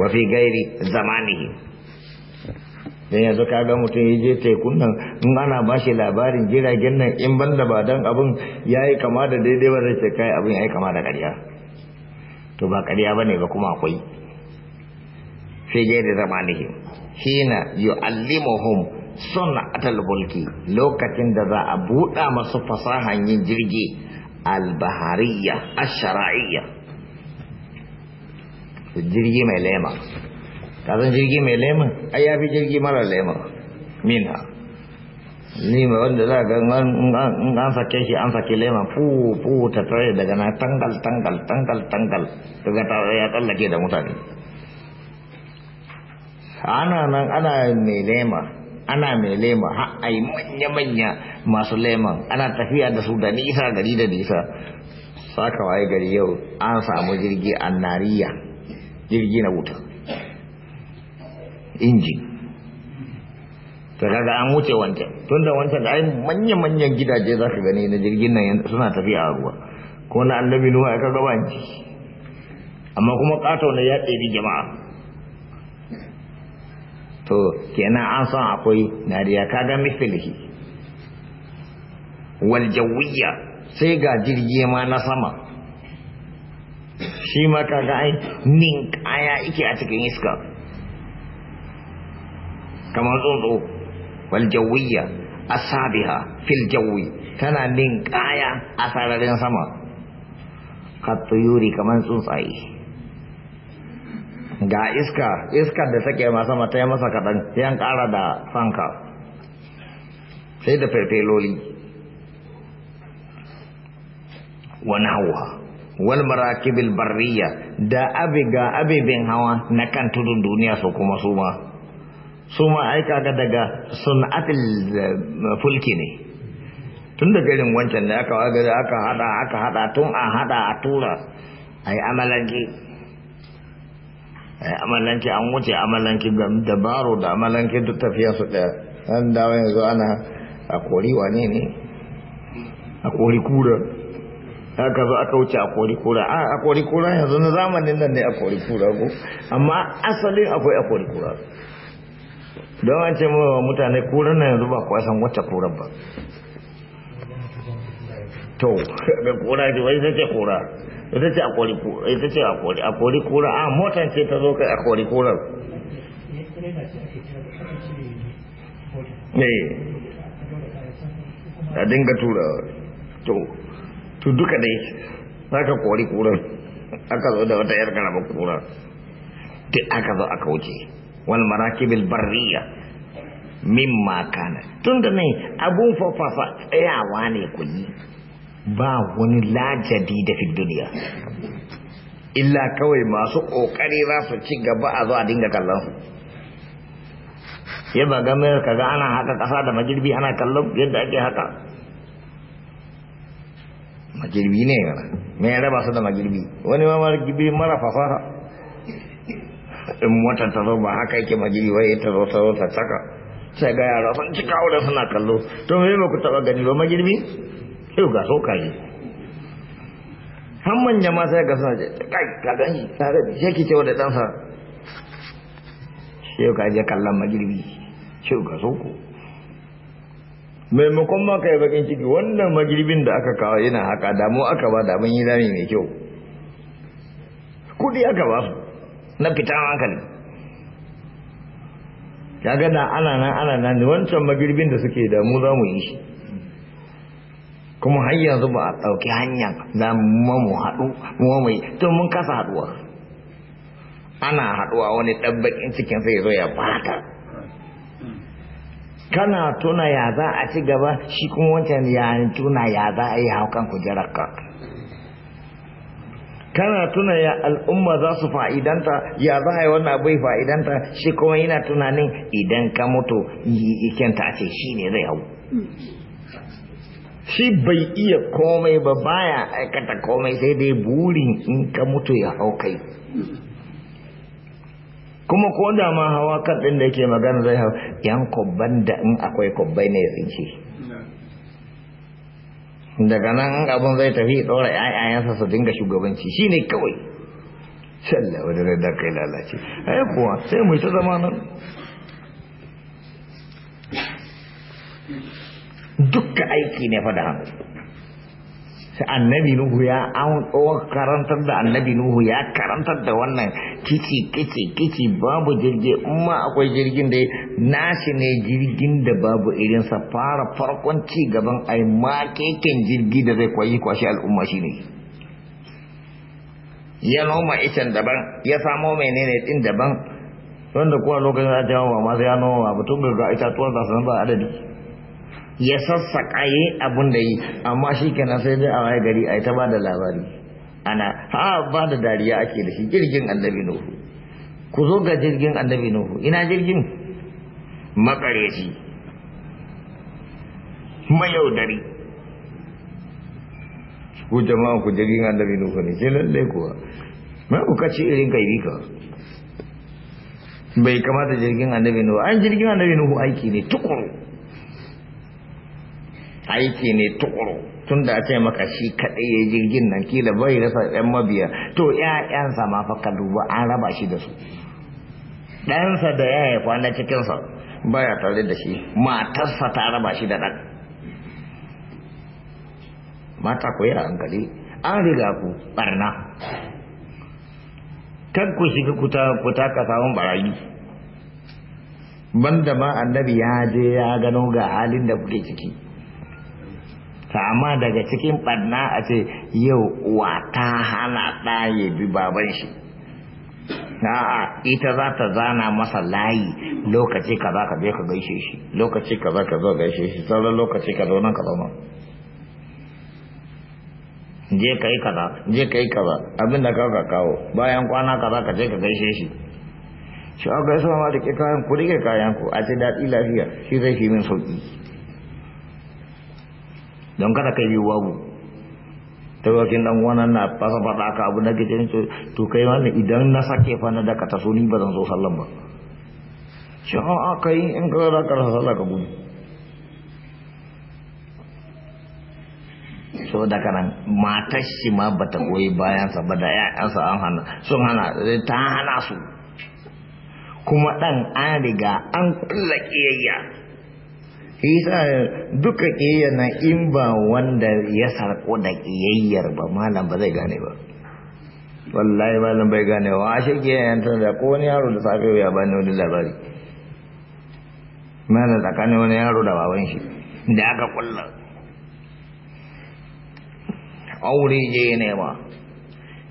wa fi gairi zamanihi don yanzu ga mutum ya je tekun nan in ana ba shi labarin jiragen nan in ban da ba dan abin ya yi kama da daidai wanda ke kai abin ya yi kama da ƙarya to ba ƙarya ba ba kuma akwai sai je da zama ne hina yu'allimuhum atal bulki lokacin da za a buɗa masu fasahan yin jirgi albahariya ashara'iyya jirgi mai lema kazan jirgi mai lemun ai ya fi jirgi mara lemun mina ni mai wanda za ga in an sake shi an sake lemun fu fu ta tare daga na tangal tangal tangal tangal daga ta ya tsallake da mutane ana nan ana mai lema ana mai lema ha yi manya manya masu leman ana tafiya da su da nisa gari da nisa saka waye gari yau an samu jirgi nariya jirgi na wuta inji ta kaga an wuce wancan tun da wancan da ai manya-manyan gidaje za ka gani na jirgin nan suna tafiya a ruwa ko na annabi nuwa ya kaga ba amma kuma kato ne ya ɗebi jama'a to kenan an san akwai nariya kaga mislihi wal jawiyya sai ga jirgi ma na sama shi ma kaga ai ninkaya ike a cikin iska kamar tsotso wal jawiyya asabiha fil jawi tana min kaya a sararin sama kattuyuri kamar tsuntsaye ga iska iskar da take ma sama ta yi masa kaɗan yan kara ƙara da fanka sai da fefeloli wani hawa wal marakibil barriya da abiga abibin hawa na kan tudun duniya su kuma su ma su ma aika ga daga sun'atul eh, fulki ne tun da irin wancan da aka waga aka hada aka hada tun a hada a tura a yi amalanke a yi amalanke an wuce amalanke da dabaru da amalanke duk tafiya su ɗaya an dawo yanzu ana a kori wane ne a kori kura haka zo aka wuce a kori kura a kori kura yanzu na zamanin nan ne a kori kura ko amma asalin akwai a kori kura don an ce mawa mutane kuran na yanzu ba kuwa san wacce kuran ba to ga kura ce wai zai ce kura ita ce akori ita ce kura a motan ce ta zo kai akori kura ne a dinga tura to to duka dai ka kori kurar aka zo da wata yar karaba kurar ta aka zo aka wuce wal marakibil barriya mimma kana tun da ne abun fafafa tsayawa ne kunni ba wani lajadi da fi duniya illa kawai masu kokari za su ci gaba a zo a dinga kallon su yaba mai kaga ana haka kasa da majirbi ana kallon yadda ake haka majirbi ne yana me raba su da majirbi wani ma margibi mara fasaha in wata ta zo ba haka yake majiri wai ta zo ta zo ta saka sai ga yara sun cika wurin suna kallo to me ba ku taba gani ba majirbi sai ga so kai han manya ma sai ga suna je kai ka gani tare da yake ce da sa sai ga je kallon majirbi sai ga so ku maimakon ma kai bakin ciki wannan magirbin da aka kawo yana haka damu aka ba da mun yi zami mai kyau kuɗi aka ba su na fita hankali ga da ana nan ana nan wancan magirbin da suke da mu za mu yi shi kuma har yanzu ba a ɗauki hanyar za mu haɗu mu mai to mun kasa haɗuwa ana haɗuwa wani ɗabbakin cikin sai zo ya bata kana tuna ya za a ci gaba shi kuma wancan ya tuna ya za a yi haukan kujerar ka kana tuna ya al'umma za su fa'idanta ya za a yi wannan abai fa'idanta shi kuma yana tunanin idan ka mutu yi ikenta a ce shi ne zai hau shi bai iya komai ba baya aikata komai sai dai burin in ka mutu ya hau kai kuma ko da ma hawa kan ɗin da yake magana zai hau yan kubban da in akwai kubbai ne ya tsinci daga nan abin zai tafi ɗora ‘ya'yansa su dinga shugabanci shi ne kawai sallah wadda zai da kai lalace ai kuwa sai mu ta zama nan aiki ne fa da hannu annabi nuhu ya an karantar da annabi nuhu ya karantar da wannan kici kici kici babu jirgi akwai jirgin da nashi ne jirgin da babu irinsa fara farkon ci gaban ai makeken jirgi da zai kwayi kwashi al'umma shi ne ya noma icen daban ya samo menene din daban wanda kuwa lokacin za ta yawa ma sai ya noma ba tun ga itatuwan da sanar ba adadi ya sassaƙa yi abin da yi amma shi kenan sai dai a waye gari a yi ta ba da labari ana ha ba da dariya ake da shi jirgin annabi nuhu ku zo ga jirgin annabi nuhu ina jirgin makareci mayaudari ku jama'a ku jirgin annabi nuhu ne sai lallai kuwa mai ku kace irin gaibi ka bai kamata jirgin annabi nuhu an jirgin annabi nuhu aiki ne tukuru aiki ne tukuru tun da ce maka shi kaɗai ya jirgin nan kila bai rasa ɗan mabiya to ‘ya'yansa ma fa ka duba an raba shi da su ɗansa da ya yi kwana cikinsa baya tare da shi matarsa ta raba shi da ɗan mata ku yi hankali an riga ku ɓarna kan ku shiga kuta ka samun barayi banda ma annabi ya je ya gano ga halin da kuke ciki amma daga cikin ɓarna a ce yau uwa ta hana ɗaya ya bi baban shi a'a ita za ta zana masa layi lokaci ka za ka je ka gaishe shi lokaci ka za ka zo gaishe shi sauran lokaci ka zo nan ka zama je ka yi kaza je ka yi kaza abin da ka kawo bayan kwana kaza ka je ka gaishe shi shi aka gaisuwa ma da ke kayan ku rike kayan ku a ce daɗi lafiya shi zai fi min sauƙi don kada kai biyu babu tabakin dan wannan na fasa faɗa ka abu na su to kai ne idan na sake fa na daka taso ni ba zan ah, so sallan ba shi a kai in ka za ka rasa sallah ka gudu so da kanan matar shi ma bata goyi sa, ba da sa an hana sun hana ta hana su kuma ɗan an riga an kulla ƙiyayya isa duka ƙiyayya na in ba wanda ya sarko da ƙiyayyar ba malam ba zai gane ba wallahi malam bai gane wa ashe ƙiyayya ta da ko wani yaro da safe ya bani wani labari mana tsakanin wani yaro da baban shi da aka kulla aure je ne ba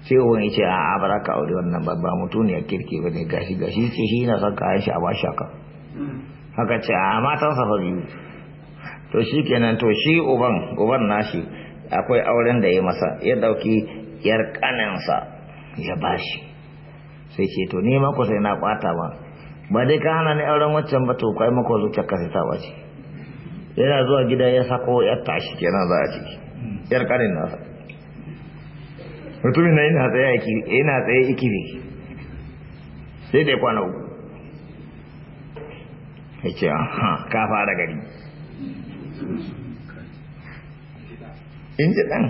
sai wani ce a a baraka aure wannan babba mutum ya kirki ba ne gashi gashi ce shi na son kayan shi a ba shaka aka ce a matansa fa biyu to shi kenan to shi uban uban nashi akwai auren da ya masa ya dauki yar kaninsa ya bashi sai ce to ni mako sai na kwata ba ba dai ka hana ni auren waccan ba to kai mako zuciyar ka sai ta wace yana zuwa gida ya sako ya tashi kenan za a ci yar kanin nasa mutumin na yana tsaye yana tsaye ikiri sai dai kwana uku ya ce ka fara gari in ji ɗan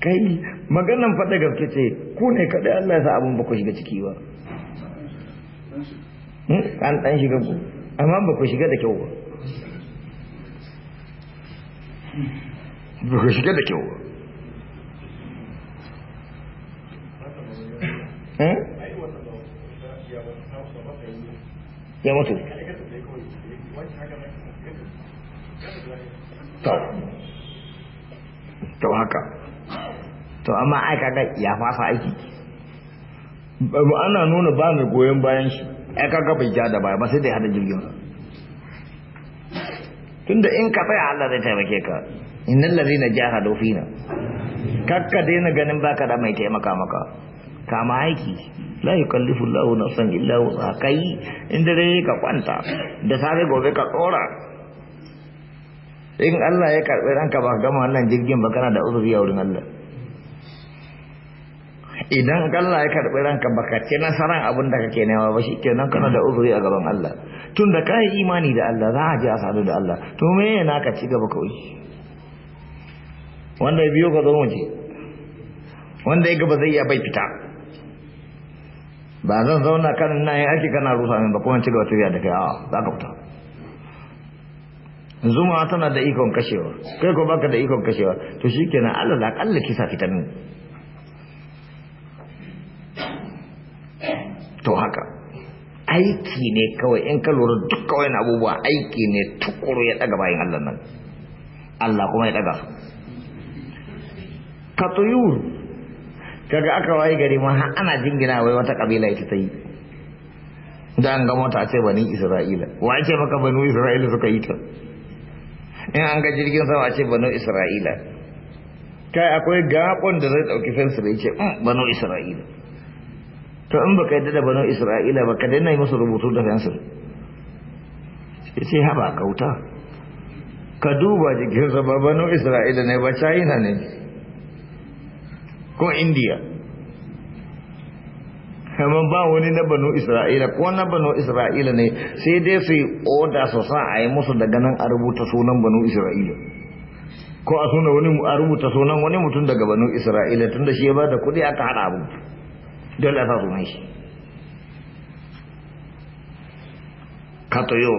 kai maganan faɗa gaske ce ku ne kaɗai Allah ya sa abin ba ku shiga ciki ba hmm, an ɗan shiga ku amma ba ku shiga da kyau ba ba ku shiga da kyau ba hmm? ya mutu to to haka to amma ai kaga ya fasa aiki ana nuna ba mai goyon bayan shi ya kaga bai ja da baya ba sai dai hada jirgin tunda in ka tsaya Allah zai taimake ka innal ladina jahadu fina kakka daina ganin baka da mai taimaka maka kama aiki la yukallifu Allahu nafsan illa wusaha kai inda dai ka kwanta da sare gobe ka tsora in Allah ya karɓi ranka ba gama wannan jirgin ba kana da uzuri a wurin Allah idan Allah ya karɓi ranka ba ka ce nasaran abin da kake nema ba shi kenan kana da uzuri a gaban Allah tun da kai imani da Allah za a ji a sadu da Allah to me yana ka ci gaba kawai wanda ya biyo ka zo mu je wanda ya gaba zai iya bai fita ba zan zauna kan na yi aiki kana rusa min ba kuma ci gaba tafiya da kai a za ka fita zuma tana da ikon kashewa kai ko baka da ikon kashewa to shi kenan Allah la kalla kisa fitamin to haka aiki ne kawai in ka lura duk kawai abubuwa aiki ne tukuru ya daga bayan Allah nan Allah kuma ya daga ka tuyur kaga aka waye gari ma har ana jingina wai wata kabila ita ta yi da an ga mota ce bani isra'ila wa ce maka banu isra'ila suka yi ta in an ga jirgin sama ce banu isra'ila kai akwai gaɓon da zai ɗauki fensu da ce mm, banu isra'ila to in baka yadda da banu isra'ila baka daina yi musu rubutu da fensir sai sai haba kauta ka duba jirgin sama ba banu isra'ila ne ba china ne ko indiya kamar ba wani na banu isra'ila ko na banu isra'ila ne sai dai su yi oda su sa a yi musu daga nan a rubuta sunan banu isra'ila ko a suna wani a rubuta sunan wani mutum daga banu isra'ila tun da shi ya ba da kuɗi aka haɗa abu dole a sa sunan shi katoyo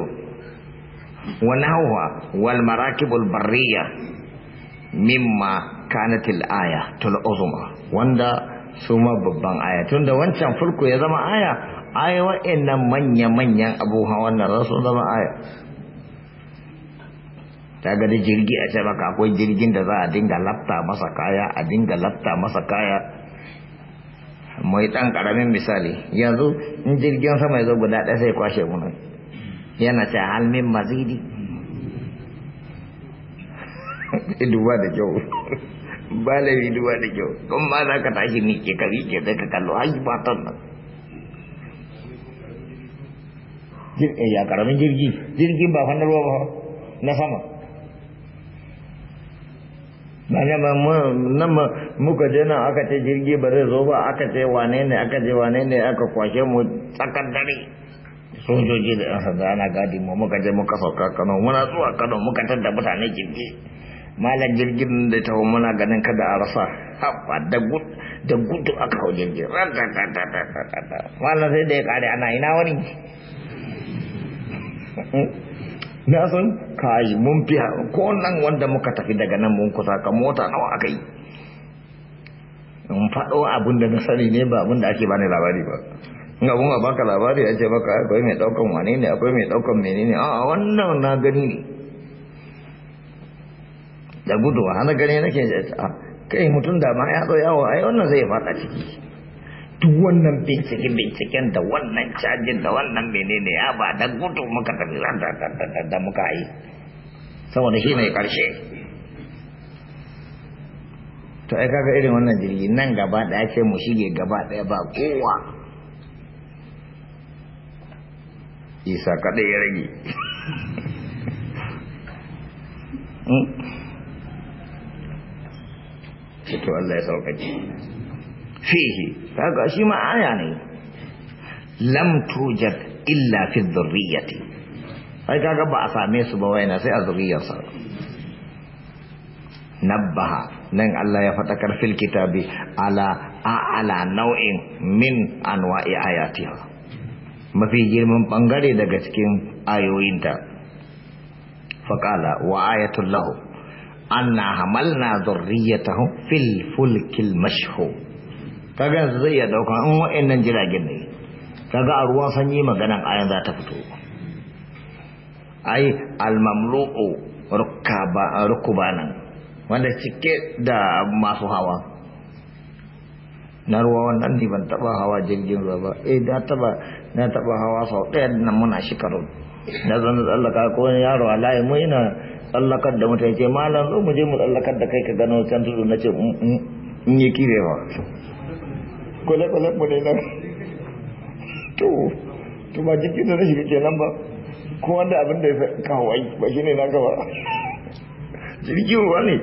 ونحوها والمراكب barriya mimma kanatil aya tul uzuma wanda suma babban aya tunda wancan fulku ya zama aya aya wa'annan manya-manyan abubuwan wannan rasu zama aya ta ga jirgi a ce maka akwai jirgin da za a dinga lafta masa kaya a dinga lafta masa kaya mai dan karamin misali yanzu in jirgin sama ya zo guda ɗaya sai kwashe muna yana ce halmin mazidi duba da kyau ba la duba da kyau don ba za ka tashi ke kari ke zai ka kallo a ba ta nan eh, ya karamin jirgi jirgi ba fannar ba na sama ba ne ba nan muka je nan aka ce jirgi ba zai zo ba aka ce wane ne aka je wane ne aka kwashe mu tsakar dare sojoji da yan sanda ana gadi mu muka je muka sauka kano muna zuwa kano muka tadda mutane jirgi malam jirgin da taho muna ganin kada a rasa haɓa da gudu aka hau jirgin malam sai da ya kare ana ina wani na san kai mun fiya ko nan wanda muka tafi daga nan mun kusa ka mota nawa aka yi in faɗo abin da na sani ne ba abin da ake bani labari ba in abin ba baka labari ya ce baka akwai mai ɗaukan wane ne akwai mai ɗaukan menene a wannan na gani ne da guduwa hana gare nake ah, kai mutum da ma ya zo yawo ai wannan zai faɗa ciki duk wannan bincike binciken da wannan cajin da wannan menene ya ah, ba da gudu muka tafi da muka yi saboda shi ne karshe to ai kaga irin wannan jirgi nan gaba daya sai mu shige gaba daya ba kowa isa kadai ya rage hmm? to Allah ya sauƙaƙe fihi kaga shi ma aya ne lam tujad illa fi dhurriyyati ai kaga ba a same su ba waina sai a zuriyarsa nabbaha nan Allah ya faɗa karfil kitabi ala ala nau'in min anwa'i ayatiha mafi girman bangare daga cikin ayoyinta Faƙala, wa ayatul lahu anna hamalna zurriyatahum fil fulkil mashhu kaga zai ya dauka in wa'annan jiragen ne kaga a ruwan sanyi maganan ayan za ta fito ai mamlu'u rukaba rukubanan wanda cike da masu hawa na ruwa wannan ne ban taba hawa jirgin ruwa ba eh da taba na taba hawa sau ɗaya nan muna shekaru na zan tsallaka ko yaro a layi mu ina tsallakar da mutane ce malam zo mu je mu tsallakar da kai ka gano can tudu na ce mm, mm, in yi kire ba kwale-kwale mu ne nan to to ba jikin da na shiga nan ba ko wanda abin da ya kawo ai ba shi ne na gaba jirgin ruwa ne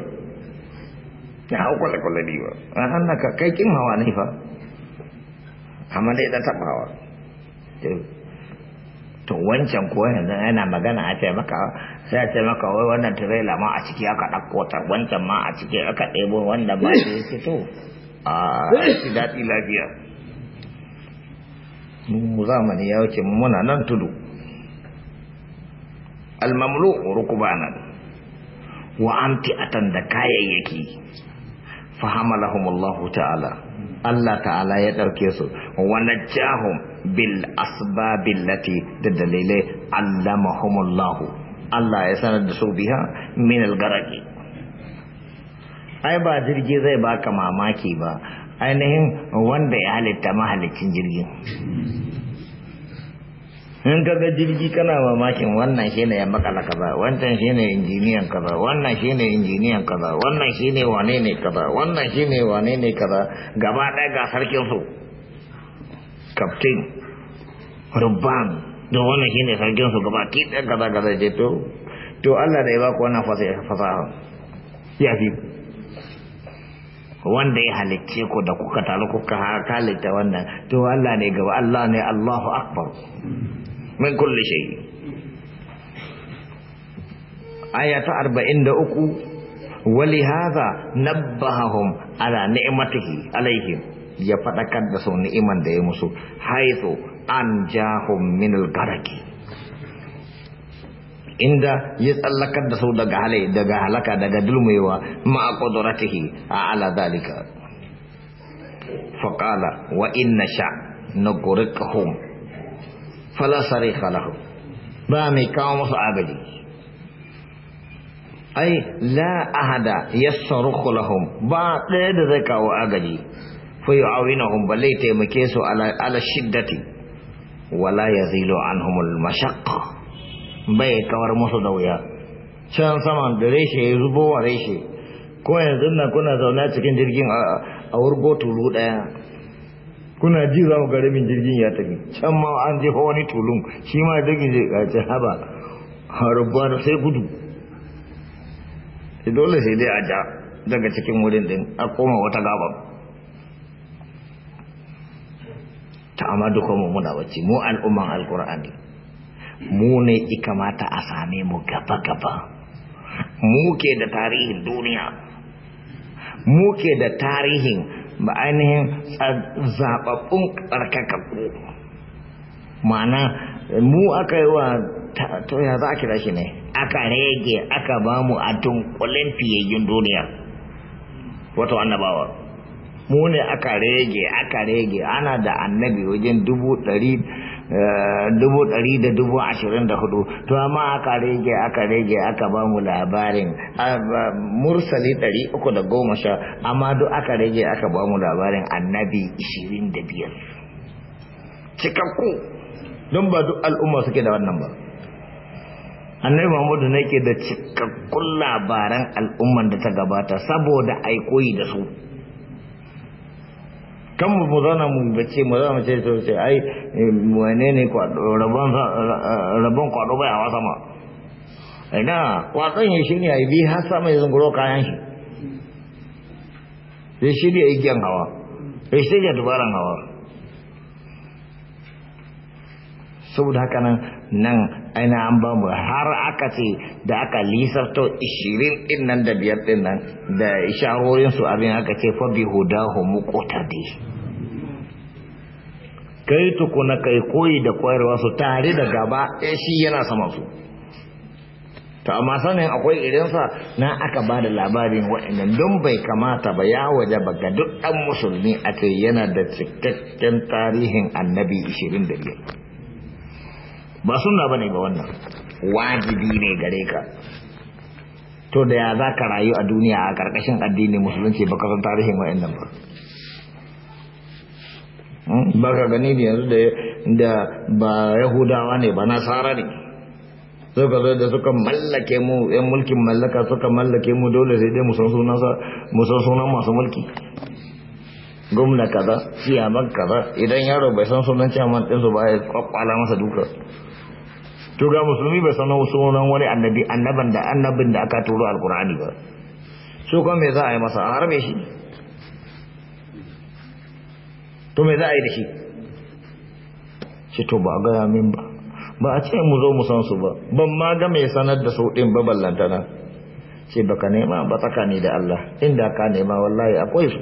ya hau kwale-kwale ne ba a hannaka kai kin hawa ne fa amma dai da hawa to wancan ko yanzu yana magana a ce maka sai ce maka wai wannan tirela ma a ciki aka ɗauko ta wancan ma a ciki aka ɗebo ba shi ya fito a ci daɗi lafiya mu zamani ya wuce muna nan tudu almamlu rukubanan wa amti atan da kayayyaki fahamalahumullahu ta'ala Allah ta'ala ya ɗauke su wani jahun bil asbabi lati da dalilai allamahumullahu Allah ya sanar da su biya min algaraki ai ba jirgi zai baka mamaki ba ainihin wanda ya halitta mahalicin jirgin in ka ga jirgi kana mamakin wannan shine ya makala kaza wancan shine injiniyan kaza wannan shine injiniyan kaza wannan shine wane ne kaza wannan shine wane ne kaza gaba ɗaya ga sarkin su kaftin rubban don wannan shine sarkin su gaba ki da gaba gaba je to to Allah da ya ba ku wannan fasaha ya fi wanda ya halicce ku da kuka taru kuka halitta wannan to Allah ne gaba Allah ne Allahu akbar min kulli shay aya ta 43 ولهذا نبههم على نعمته عليهم ya faɗakar da su ni'iman da ya musu haithu an jahum minal garaki inda ya tsallakar da su daga halai daga halaka daga dulmewa ma'a qudratihi a ala zalika faqala wa inna sha na nagriqhum fala sarikha lahum ba mai kawo masu agaji ai la ahada ya yasrukhu lahum ba ɗaya da zai kawo agaji fa yu'awinahum balle taimake su ala shiddati wala ya zilo an humul bai kawar musu da wuya can saman da reshe ya zubo wa reshe ko yanzu nan kuna zaune cikin jirgin a wurgo tulu ɗaya kuna ji za mu garamin jirgin ya tafi can ma an jefa wani tulun shi ma jirgin zai kace haba harubba da sai gudu dole sai dai a ja daga cikin wurin din a koma wata gaban ta'amadukum muna bacci mu al'umman alqur'ani mu ne ikamata a same mu gaba gaba mu ke da tarihin duniya mu ke da tarihin ba ainihin zababbun tsarkakakku ma'ana mu aka yi wa to ya za a kira shi ne aka rage aka ba mu a dunkulen fiyayyun duniya wato annabawa mu ne aka rege aka rege ana da annabi wajen dubu ɗari eh, dubu ɗari da dubu ashirin da hudu to amma aka rege aka rege aka ba mu labarin ah, mursali ɗari uku da goma sha amma duk aka rege aka ba mu labarin annabi ishirin da biyar cikakku don ba duk al'umma suke da wannan ba annabi Mahmudu ne ke da cikakkun labaran al'umman da ta gabata saboda aikoyi da su kan mu mu zauna mu bace mu zauna ce to sai ai wane ne rabon rabon kwado bai hawa sama ina kwatsan ya shirya ya bi har sama ya zunguro kayan shi ya shirya igiyan hawa ya shirya dubaran hawa saboda haka nan nan aina an ba mu har aka ce da aka lisafto ishirin din nan da biyar din nan da su abin aka ce fa bi hudahu muqtadi kai tukuna kai koyi da koyarwa su tare da gaba ɗaya shi yana sama su to amma sanin akwai irinsa na aka ba da labarin wa'annan don bai kamata ba ya waje ba ga duk ɗan musulmi a ce yana da cikakken tarihin annabi biyar. ba suna ba ne ba wannan wajibi ne gare ka to da ya za ka rayu a duniya a ƙarƙashin addinin musulunci ba ka san tarihin wa'annan ba hmm? ba ka gani da yanzu da ba yahudawa ne ba nasara ne suka zo da suka mallake mu yan mulkin mallaka suka mallake mu dole sai dai mu san sunan masu mulki gwamna kaza siyaman kaza idan yaro bai san sunan ciyaman ɗinsu ba ya kwakwala masa duka to ga musulmi bai sanar sunan wani annabi annaban da annabin da aka turo alkur'ani ba so kuma me za a yi masa a harbe shi to me za a yi da shi shi to ba gaya min ba ba a ce mu zo mu san su ba ban ma ga mai sanar da su ɗin ba ballantana sai baka nema ba tsakani da Allah inda ka nema wallahi akwai su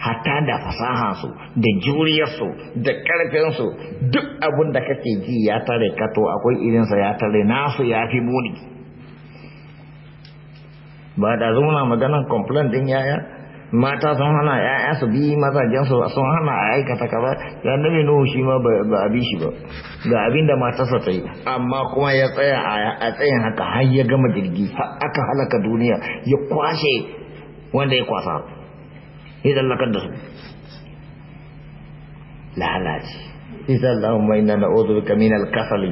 hatta da fasahansu da juriyarsu da ƙarfinsu duk abin da kake ji ya tare ka to akwai irinsa ya tare nasu ya fi muni ba da zuna maganar complain din yaya mata sun hana yaya su bi mazajensu sun hana a aikata kaza ya nabi nuhu shi ma ba a bi shi ba ga abin da matarsa ta yi amma kuma ya tsaya a tsayin haka har ya gama jirgi aka halaka duniya ya kwashe wanda ya kwasa idan kan da su lalace isa Allahumma inna na'udhu bika min al-kasali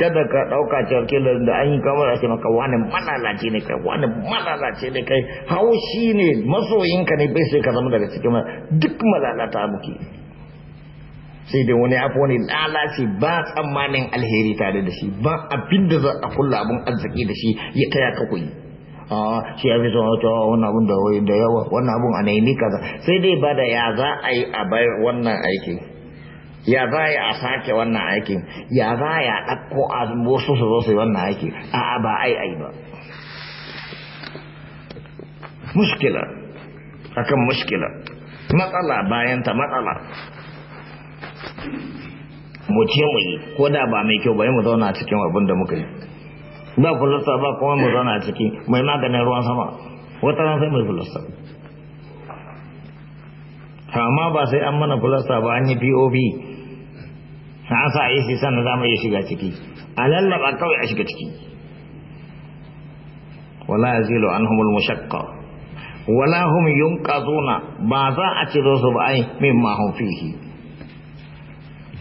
kada ka dauka cikin da an yi kamar a ce maka wani malalaci ne kai wani malalaci ne kai haushi ne masoyinka ne bai sai ka zama daga cikin duk malalata muke sai dai wani abu wani lalace ba tsammanin alheri tare da shi ba abin da za a kulla abun arziki da shi ya taya ka kuyi a ah, shi ya fi son wata oh, wannan abun da wai da yawa wannan abun a nemi kaza sai dai bada ya za a yi a bar wannan aiki ya za a yi a sake wannan aikin ya za a yi a ɗauko a wasu su zo su yi wannan aiki a'a ba ai ai ba muskila akan muskila matsala bayan ta matsala mu ce mu yi ko da ba mai kyau bai mu zauna cikin abin da muka yi ba fulasta ba kuma mu zana a ciki mai maganin ruwan sama wata ran sai mai fulasta amma ba sai an mana fulasta ba an yi pop an sa AC sannan za mu iya shiga ciki a lallaba kawai a shiga ciki wala ya an anhumul mushaqqa wala hum kazuna ba za a ci su ba ai ma hun fihi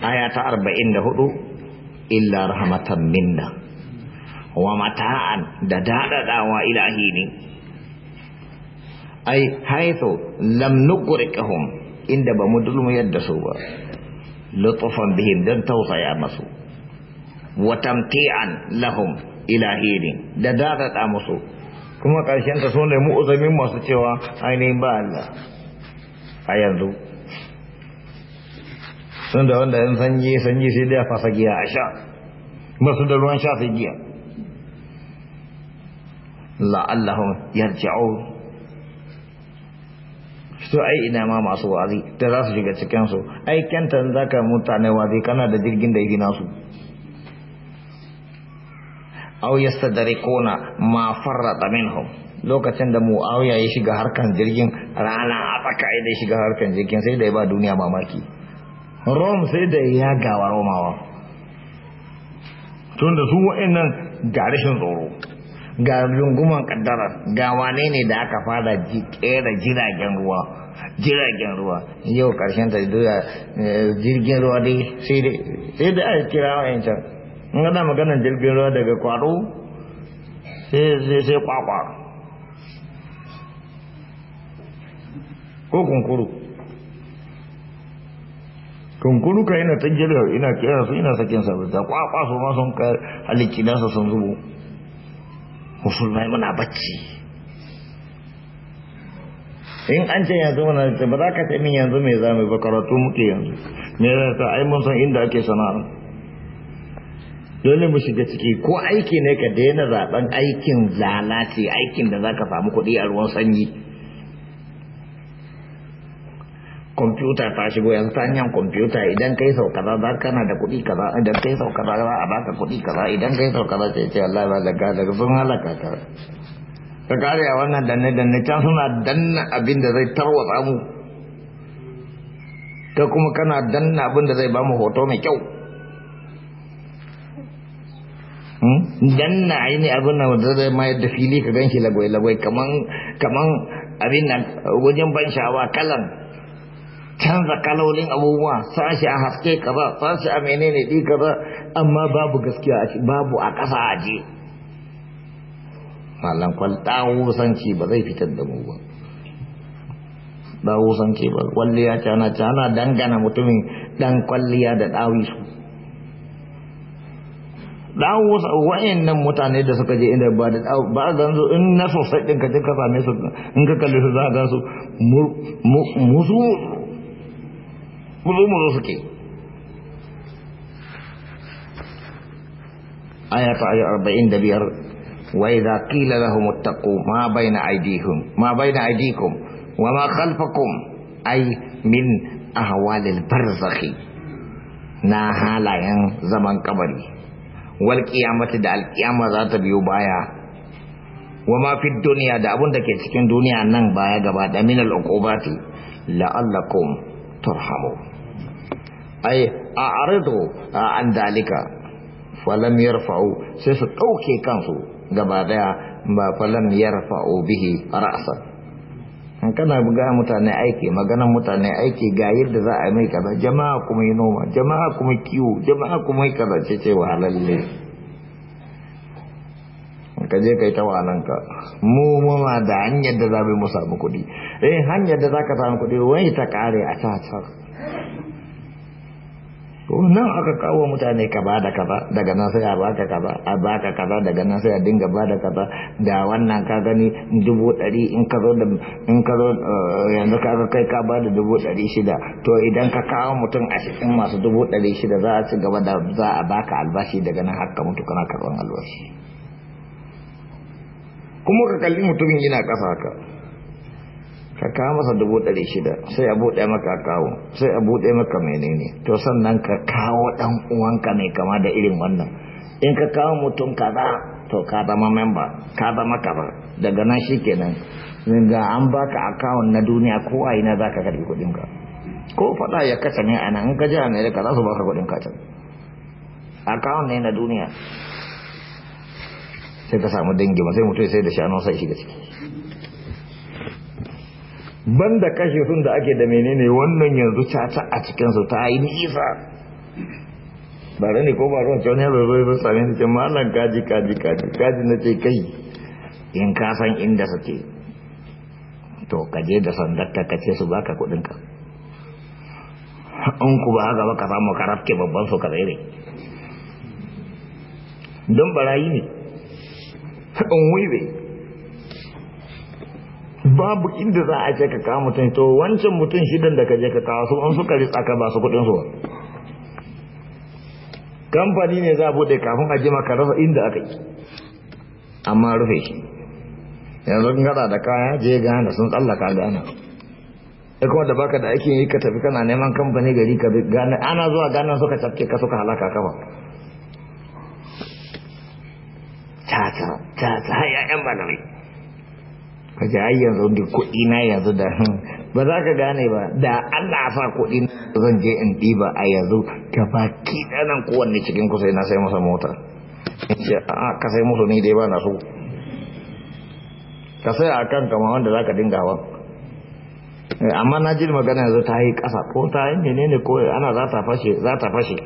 aya ta 44 illa rahmatan minna wa mata'an da daɗaɗawa ilahi ne ai haithu lam nuqriqahum inda ba mu dulmuyar da su ba lutufan bihim dan tausaya masu wa tamti'an lahum ilahi ne da daɗaɗa musu kuma ƙarshen ta sun mu uzumin masu cewa ainihin ba Allah a yanzu sun da wanda yan sanyi sanyi sai da fasa giya a sha masu da ruwan sha sai giya la'allahum yarji'un su ai ina ma masu wazi da za su shiga cikinsu ai kyantan za ka mutane wazi kana da jirgin da yi nasu aw yastadrikuna dare ma farrata minhum lokacin da mu'awiya ya shiga harkan jirgin rana a tsaka da shiga harkan jirgin sai da ya ba duniya mamaki rom sai da ya gawa romawa tun da su wa'annan ga rashin tsoro ga runguman kaddara ga wane ne da aka fara kera jiragen ruwa jiragen ruwa yau karshen ta doya eh, jirgin ruwa dai sai dai sai da aka kira wa can in gana maganar jirgin ruwa daga kwaro sai sai kwakwa ko kunkuru kunkuru ka yana ta jirgin ina kira su ina sakin da kwakwa su ma sun halicci nasa sun zubo musulmai muna bacci in an ce yanzu muna ce ba za ka ce min yanzu mai za mu ba karatu muke yanzu me za ta ai mun san inda ake sana'a. dole mu shiga ciki ko aiki ne ka daina zaben aikin lalace aikin da za ka samu kuɗi a ruwan sanyi kwamfuta ta shigo yanzu ta hanyar kwamfuta idan kai sau kaza za kana da kuɗi kaza idan kai sau kaza za a baka kuɗi kaza idan kai sau kaza sai ce Allah ba daga daga sun halaka ka ka kare wannan danne danne can suna danna abin da zai tarwatsa mu ta kuma kana danna abin da zai bamu hoto mai kyau danna aini abin da zai mayar da fili ka ganshi lagwai lagwai kaman kaman abin nan wajen ban sha'awa kalan canza kalolin abubuwa sashi a haske kaza sashi a menene ɗi kaza amma babu gaskiya a babu a ƙasa a je malam kwal ɗawusanci ba zai fitar da mu ba ɗawusanci ba kwalliya cana cana dangana mutumin ɗan kwalliya da ɗawisu ɗawusa wa'in nan mutane da suka je inda ba da ba a zo in na sosai ɗin ka je ka same su in ka kalli su za a gansu musu mulu-mulu suke aya ta ayu arba'in da biyar wa idza qila lahum ittaqu ma bayna aydihim ma bayna aydikum wa ma khalfakum na halayen zaman kabari wal qiyamati da alqiyama za ta biyo baya wa ma fi duniya da abun da ke cikin duniya nan baya gaba da minal uqubati la'allakum turhamu ai a'ridu an dalika falam yarfa'u sai su dauke kansu gaba daya ba falam yarfa'u bihi ra'sa an kana buga mutane aiki maganan mutane aiki ga yadda za a mai kaza jama'a kuma yi noma jama'a kuma kiwo jama'a kuma yi kaza ce ce wahalalle ka je kai ta ka mu ma da hanyar da za mu samu kuɗi eh hanyar da za ka samu kuɗi wai ta kare a ta nan aka kawo mutane ka ba da kaza daga nan sai a baka kaza a baka kaza daga nan sai a dinga ba da kaza da wannan ka gani dubu ɗari in ka zo da in ka zo eh, yanzu ka kai ka ba da dubu ɗari shida to idan ka kawo mutum a cikin masu dubu ɗari shida za a ci gaba da za a baka albashi daga nan har ka mutu kana karɓar albashi kuma ka kalli mutumin yana ƙasa haka ka kawo masa dubu ɗari shida sai a buɗe maka kawo sai a buɗe maka menene to sannan ka kawo ɗan uwanka ne kama da irin wannan in ka kawo mutum kaza to ka zama memba ka zama kaza daga nan shi kenan ga an baka akawun na duniya ko a ina za ka karbi kuɗin ka ko faɗa ya kasa ne a nan in ka je america za su baka kuɗin ka can akawun ne na duniya sai ka samu dangi ba sai mutum sai da shanu sai shiga ciki banda kashe sun da ake da menene wannan yanzu caca a cikinsu ta yi nisa ba ne ko ba ruwan cewa ne zai zai sami ni ce malam kaji kaji kaji kaji na ce kai in ka san inda suke to ka je da sandarka ka ce su baka kudinka in ku ba haka ba ka samu karafke babban su ka tsere don barayi ne in wibe babu inda za a ce ka kawo mutum to wancan mutum shidan da ka je ka kawo su an suka ri tsaka ba su kuɗin su kamfani ne za a buɗe kafin a jima ka rasa inda aka yi amma rufe shi yanzu kan gada da kaya je gana sun tsallaka gana ya kuma da baka da aikin yi ka tafi kana neman kamfani gari ka gana ana zuwa gana suka cafke ka suka halaka kafa ta tata har ƴaƴan malamai ka ji ai yanzu da kuɗi na yanzu da ba za ka gane ba da Allah sa kuɗi zan je in ɗiba a yanzu ka ba ki ɗanan kowanne cikin kusa na sai masa mota in ce a ka sai musu ni dai ba na so ka sai a kan kama wanda za ka dinga wa. amma na ji magana yanzu ta yi ƙasa ko ta yi menene ko ana za ta fashe za ta fashe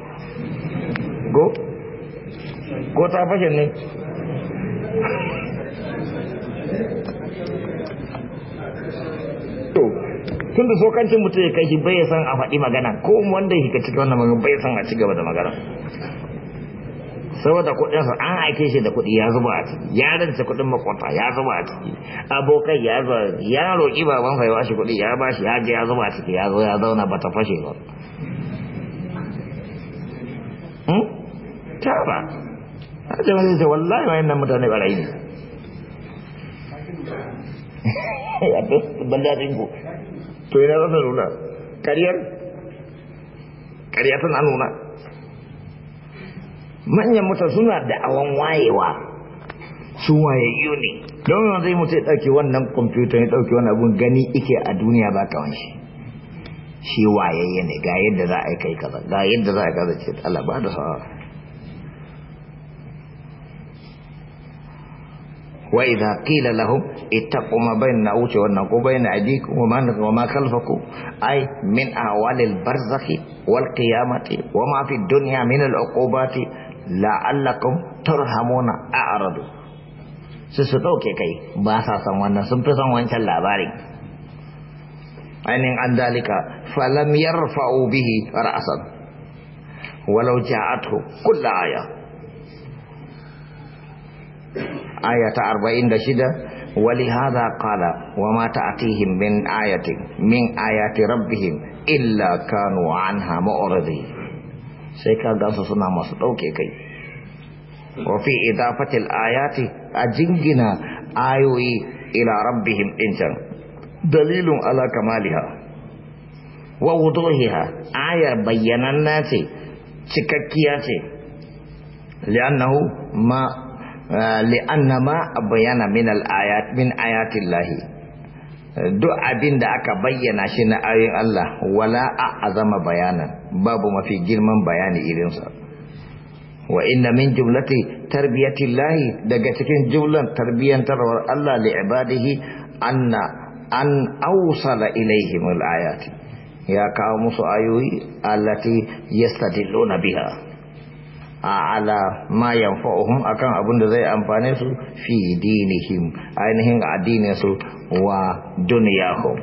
ko ta fashe ne tun da sokancin mutum ya kai bai san a faɗi magana ko wanda ya hikaci cikin wannan magana bai san a cigaba da magana saboda kuɗinsa an aike shi da kuɗi ya zuba a ciki ya rance kuɗin makwata ya zuba a ciki abokai ya zuba ya roƙi baban fa ya bashi kuɗi ya bashi ya je ya zuba a ciki ya zo ya zauna ba ta fashe ba hmm? ta ba a ce wani ce wallahi wa nan mutane ɓarayi ne ya fi ban daɗin ku to yana zata nuna ƙaryar ƙarya tana nuna manyan mutu suna da awon wayewa su wayayyu ne don yanzu zai mutu ya ɗauki wannan kwamfuta ya ɗauki wani abun gani ike a duniya ba kawan shi shi wayayye ne ga yadda za a yi kai kaza ga yadda za a kaza ce Allah ba da sa'a wa ƙila qila lahum ittaqu ma bayna wuce wannan ko bayna ajikum wa man wa ma khalfakum ay min awalil barzakhi wal qiyamati wa ma fi dunya min al uqubati la'allakum turhamuna a'radu su su dauke kai ba sa san wannan sun fi san wancan labarin ainihin an dalika falam yarfa'u bihi ra'san walau ja'athu kullu aya aya ta arba'in da shida wali kala wa mata a tihim min ayatin rabbihim illa kanu anha sai ka gansu suna masu ɗauke kai wa fi idafatil a jingina ayoyi ila rabbihim ɗincan dalilin ala kamaliha ayar bayyanan cikakkiya ce liannahu ma Ah, li'anna ma bayyana min al-ayat min ayatillahi duk abin da aka bayyana shi na ayoyin Allah wala a'azama bayanan babu mafi girman bayani sa, wa inna min jumlati tarbiyatillahi daga cikin jumlan tarbiyantarwar Allah li ibadihi anna an awsala ilaihim al-ayati ya kawo musu ayoyi allati yastadilluna biha a ala ma yanfa'uhum akan abin da zai amfane su fi dinihim ainihin addinin su wa duniyahum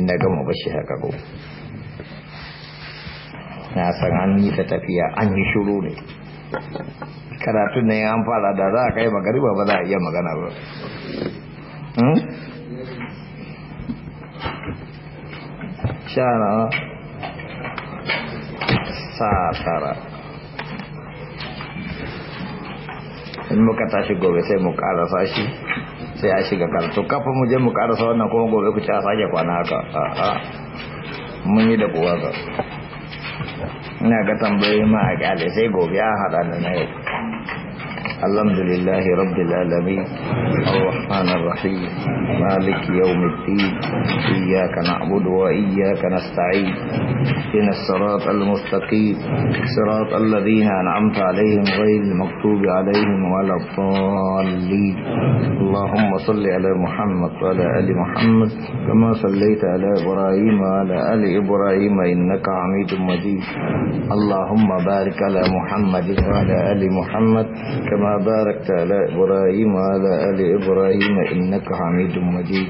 inda gama bashi haka go na san an yi ta tafiya an yi shuru ne karatun ne an fara da za a kai magariba ba za a iya magana ba hmm? sha na satara in muka tashi gobe sai mu karasa shi sai a shiga karatu kafin mu je mu karasa wannan kuma gobe ku ci a sake kwana haka a mun yi da kuwa ga ina ga tambayoyi ma a kyale sai gobe a haɗa da na yau الحمد لله رب العالمين الرحمن الرحيم مالك يوم الدين إياك نعبد وإياك نستعين إن الصراط المستقيم صراط الذين أنعمت عليهم غير المكتوب عليهم ولا الضالين اللهم صل على محمد وعلى آل محمد كما صليت على إبراهيم وعلى آل إبراهيم إنك عميد مجيد اللهم بارك على محمد وعلى آل محمد كما باركت على إبراهيم وعلى آل إبراهيم إنك حميد مجيد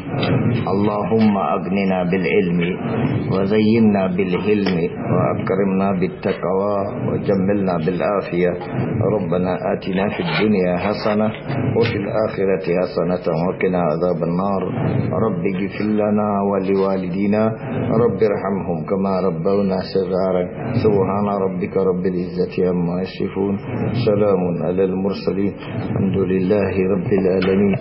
اللهم أغننا بالعلم وزينا بالحلم وأكرمنا بالتقوى وجملنا بالعافية ربنا آتنا في الدنيا حسنة وفي الآخرة حسنة وقنا عذاب النار رب اغفر لنا ولوالدينا رب ارحمهم كما ربونا صغارا سبحان ربك رب العزة عما يصفون سلام على المرسلين المرسلين الحمد لله رب العالمين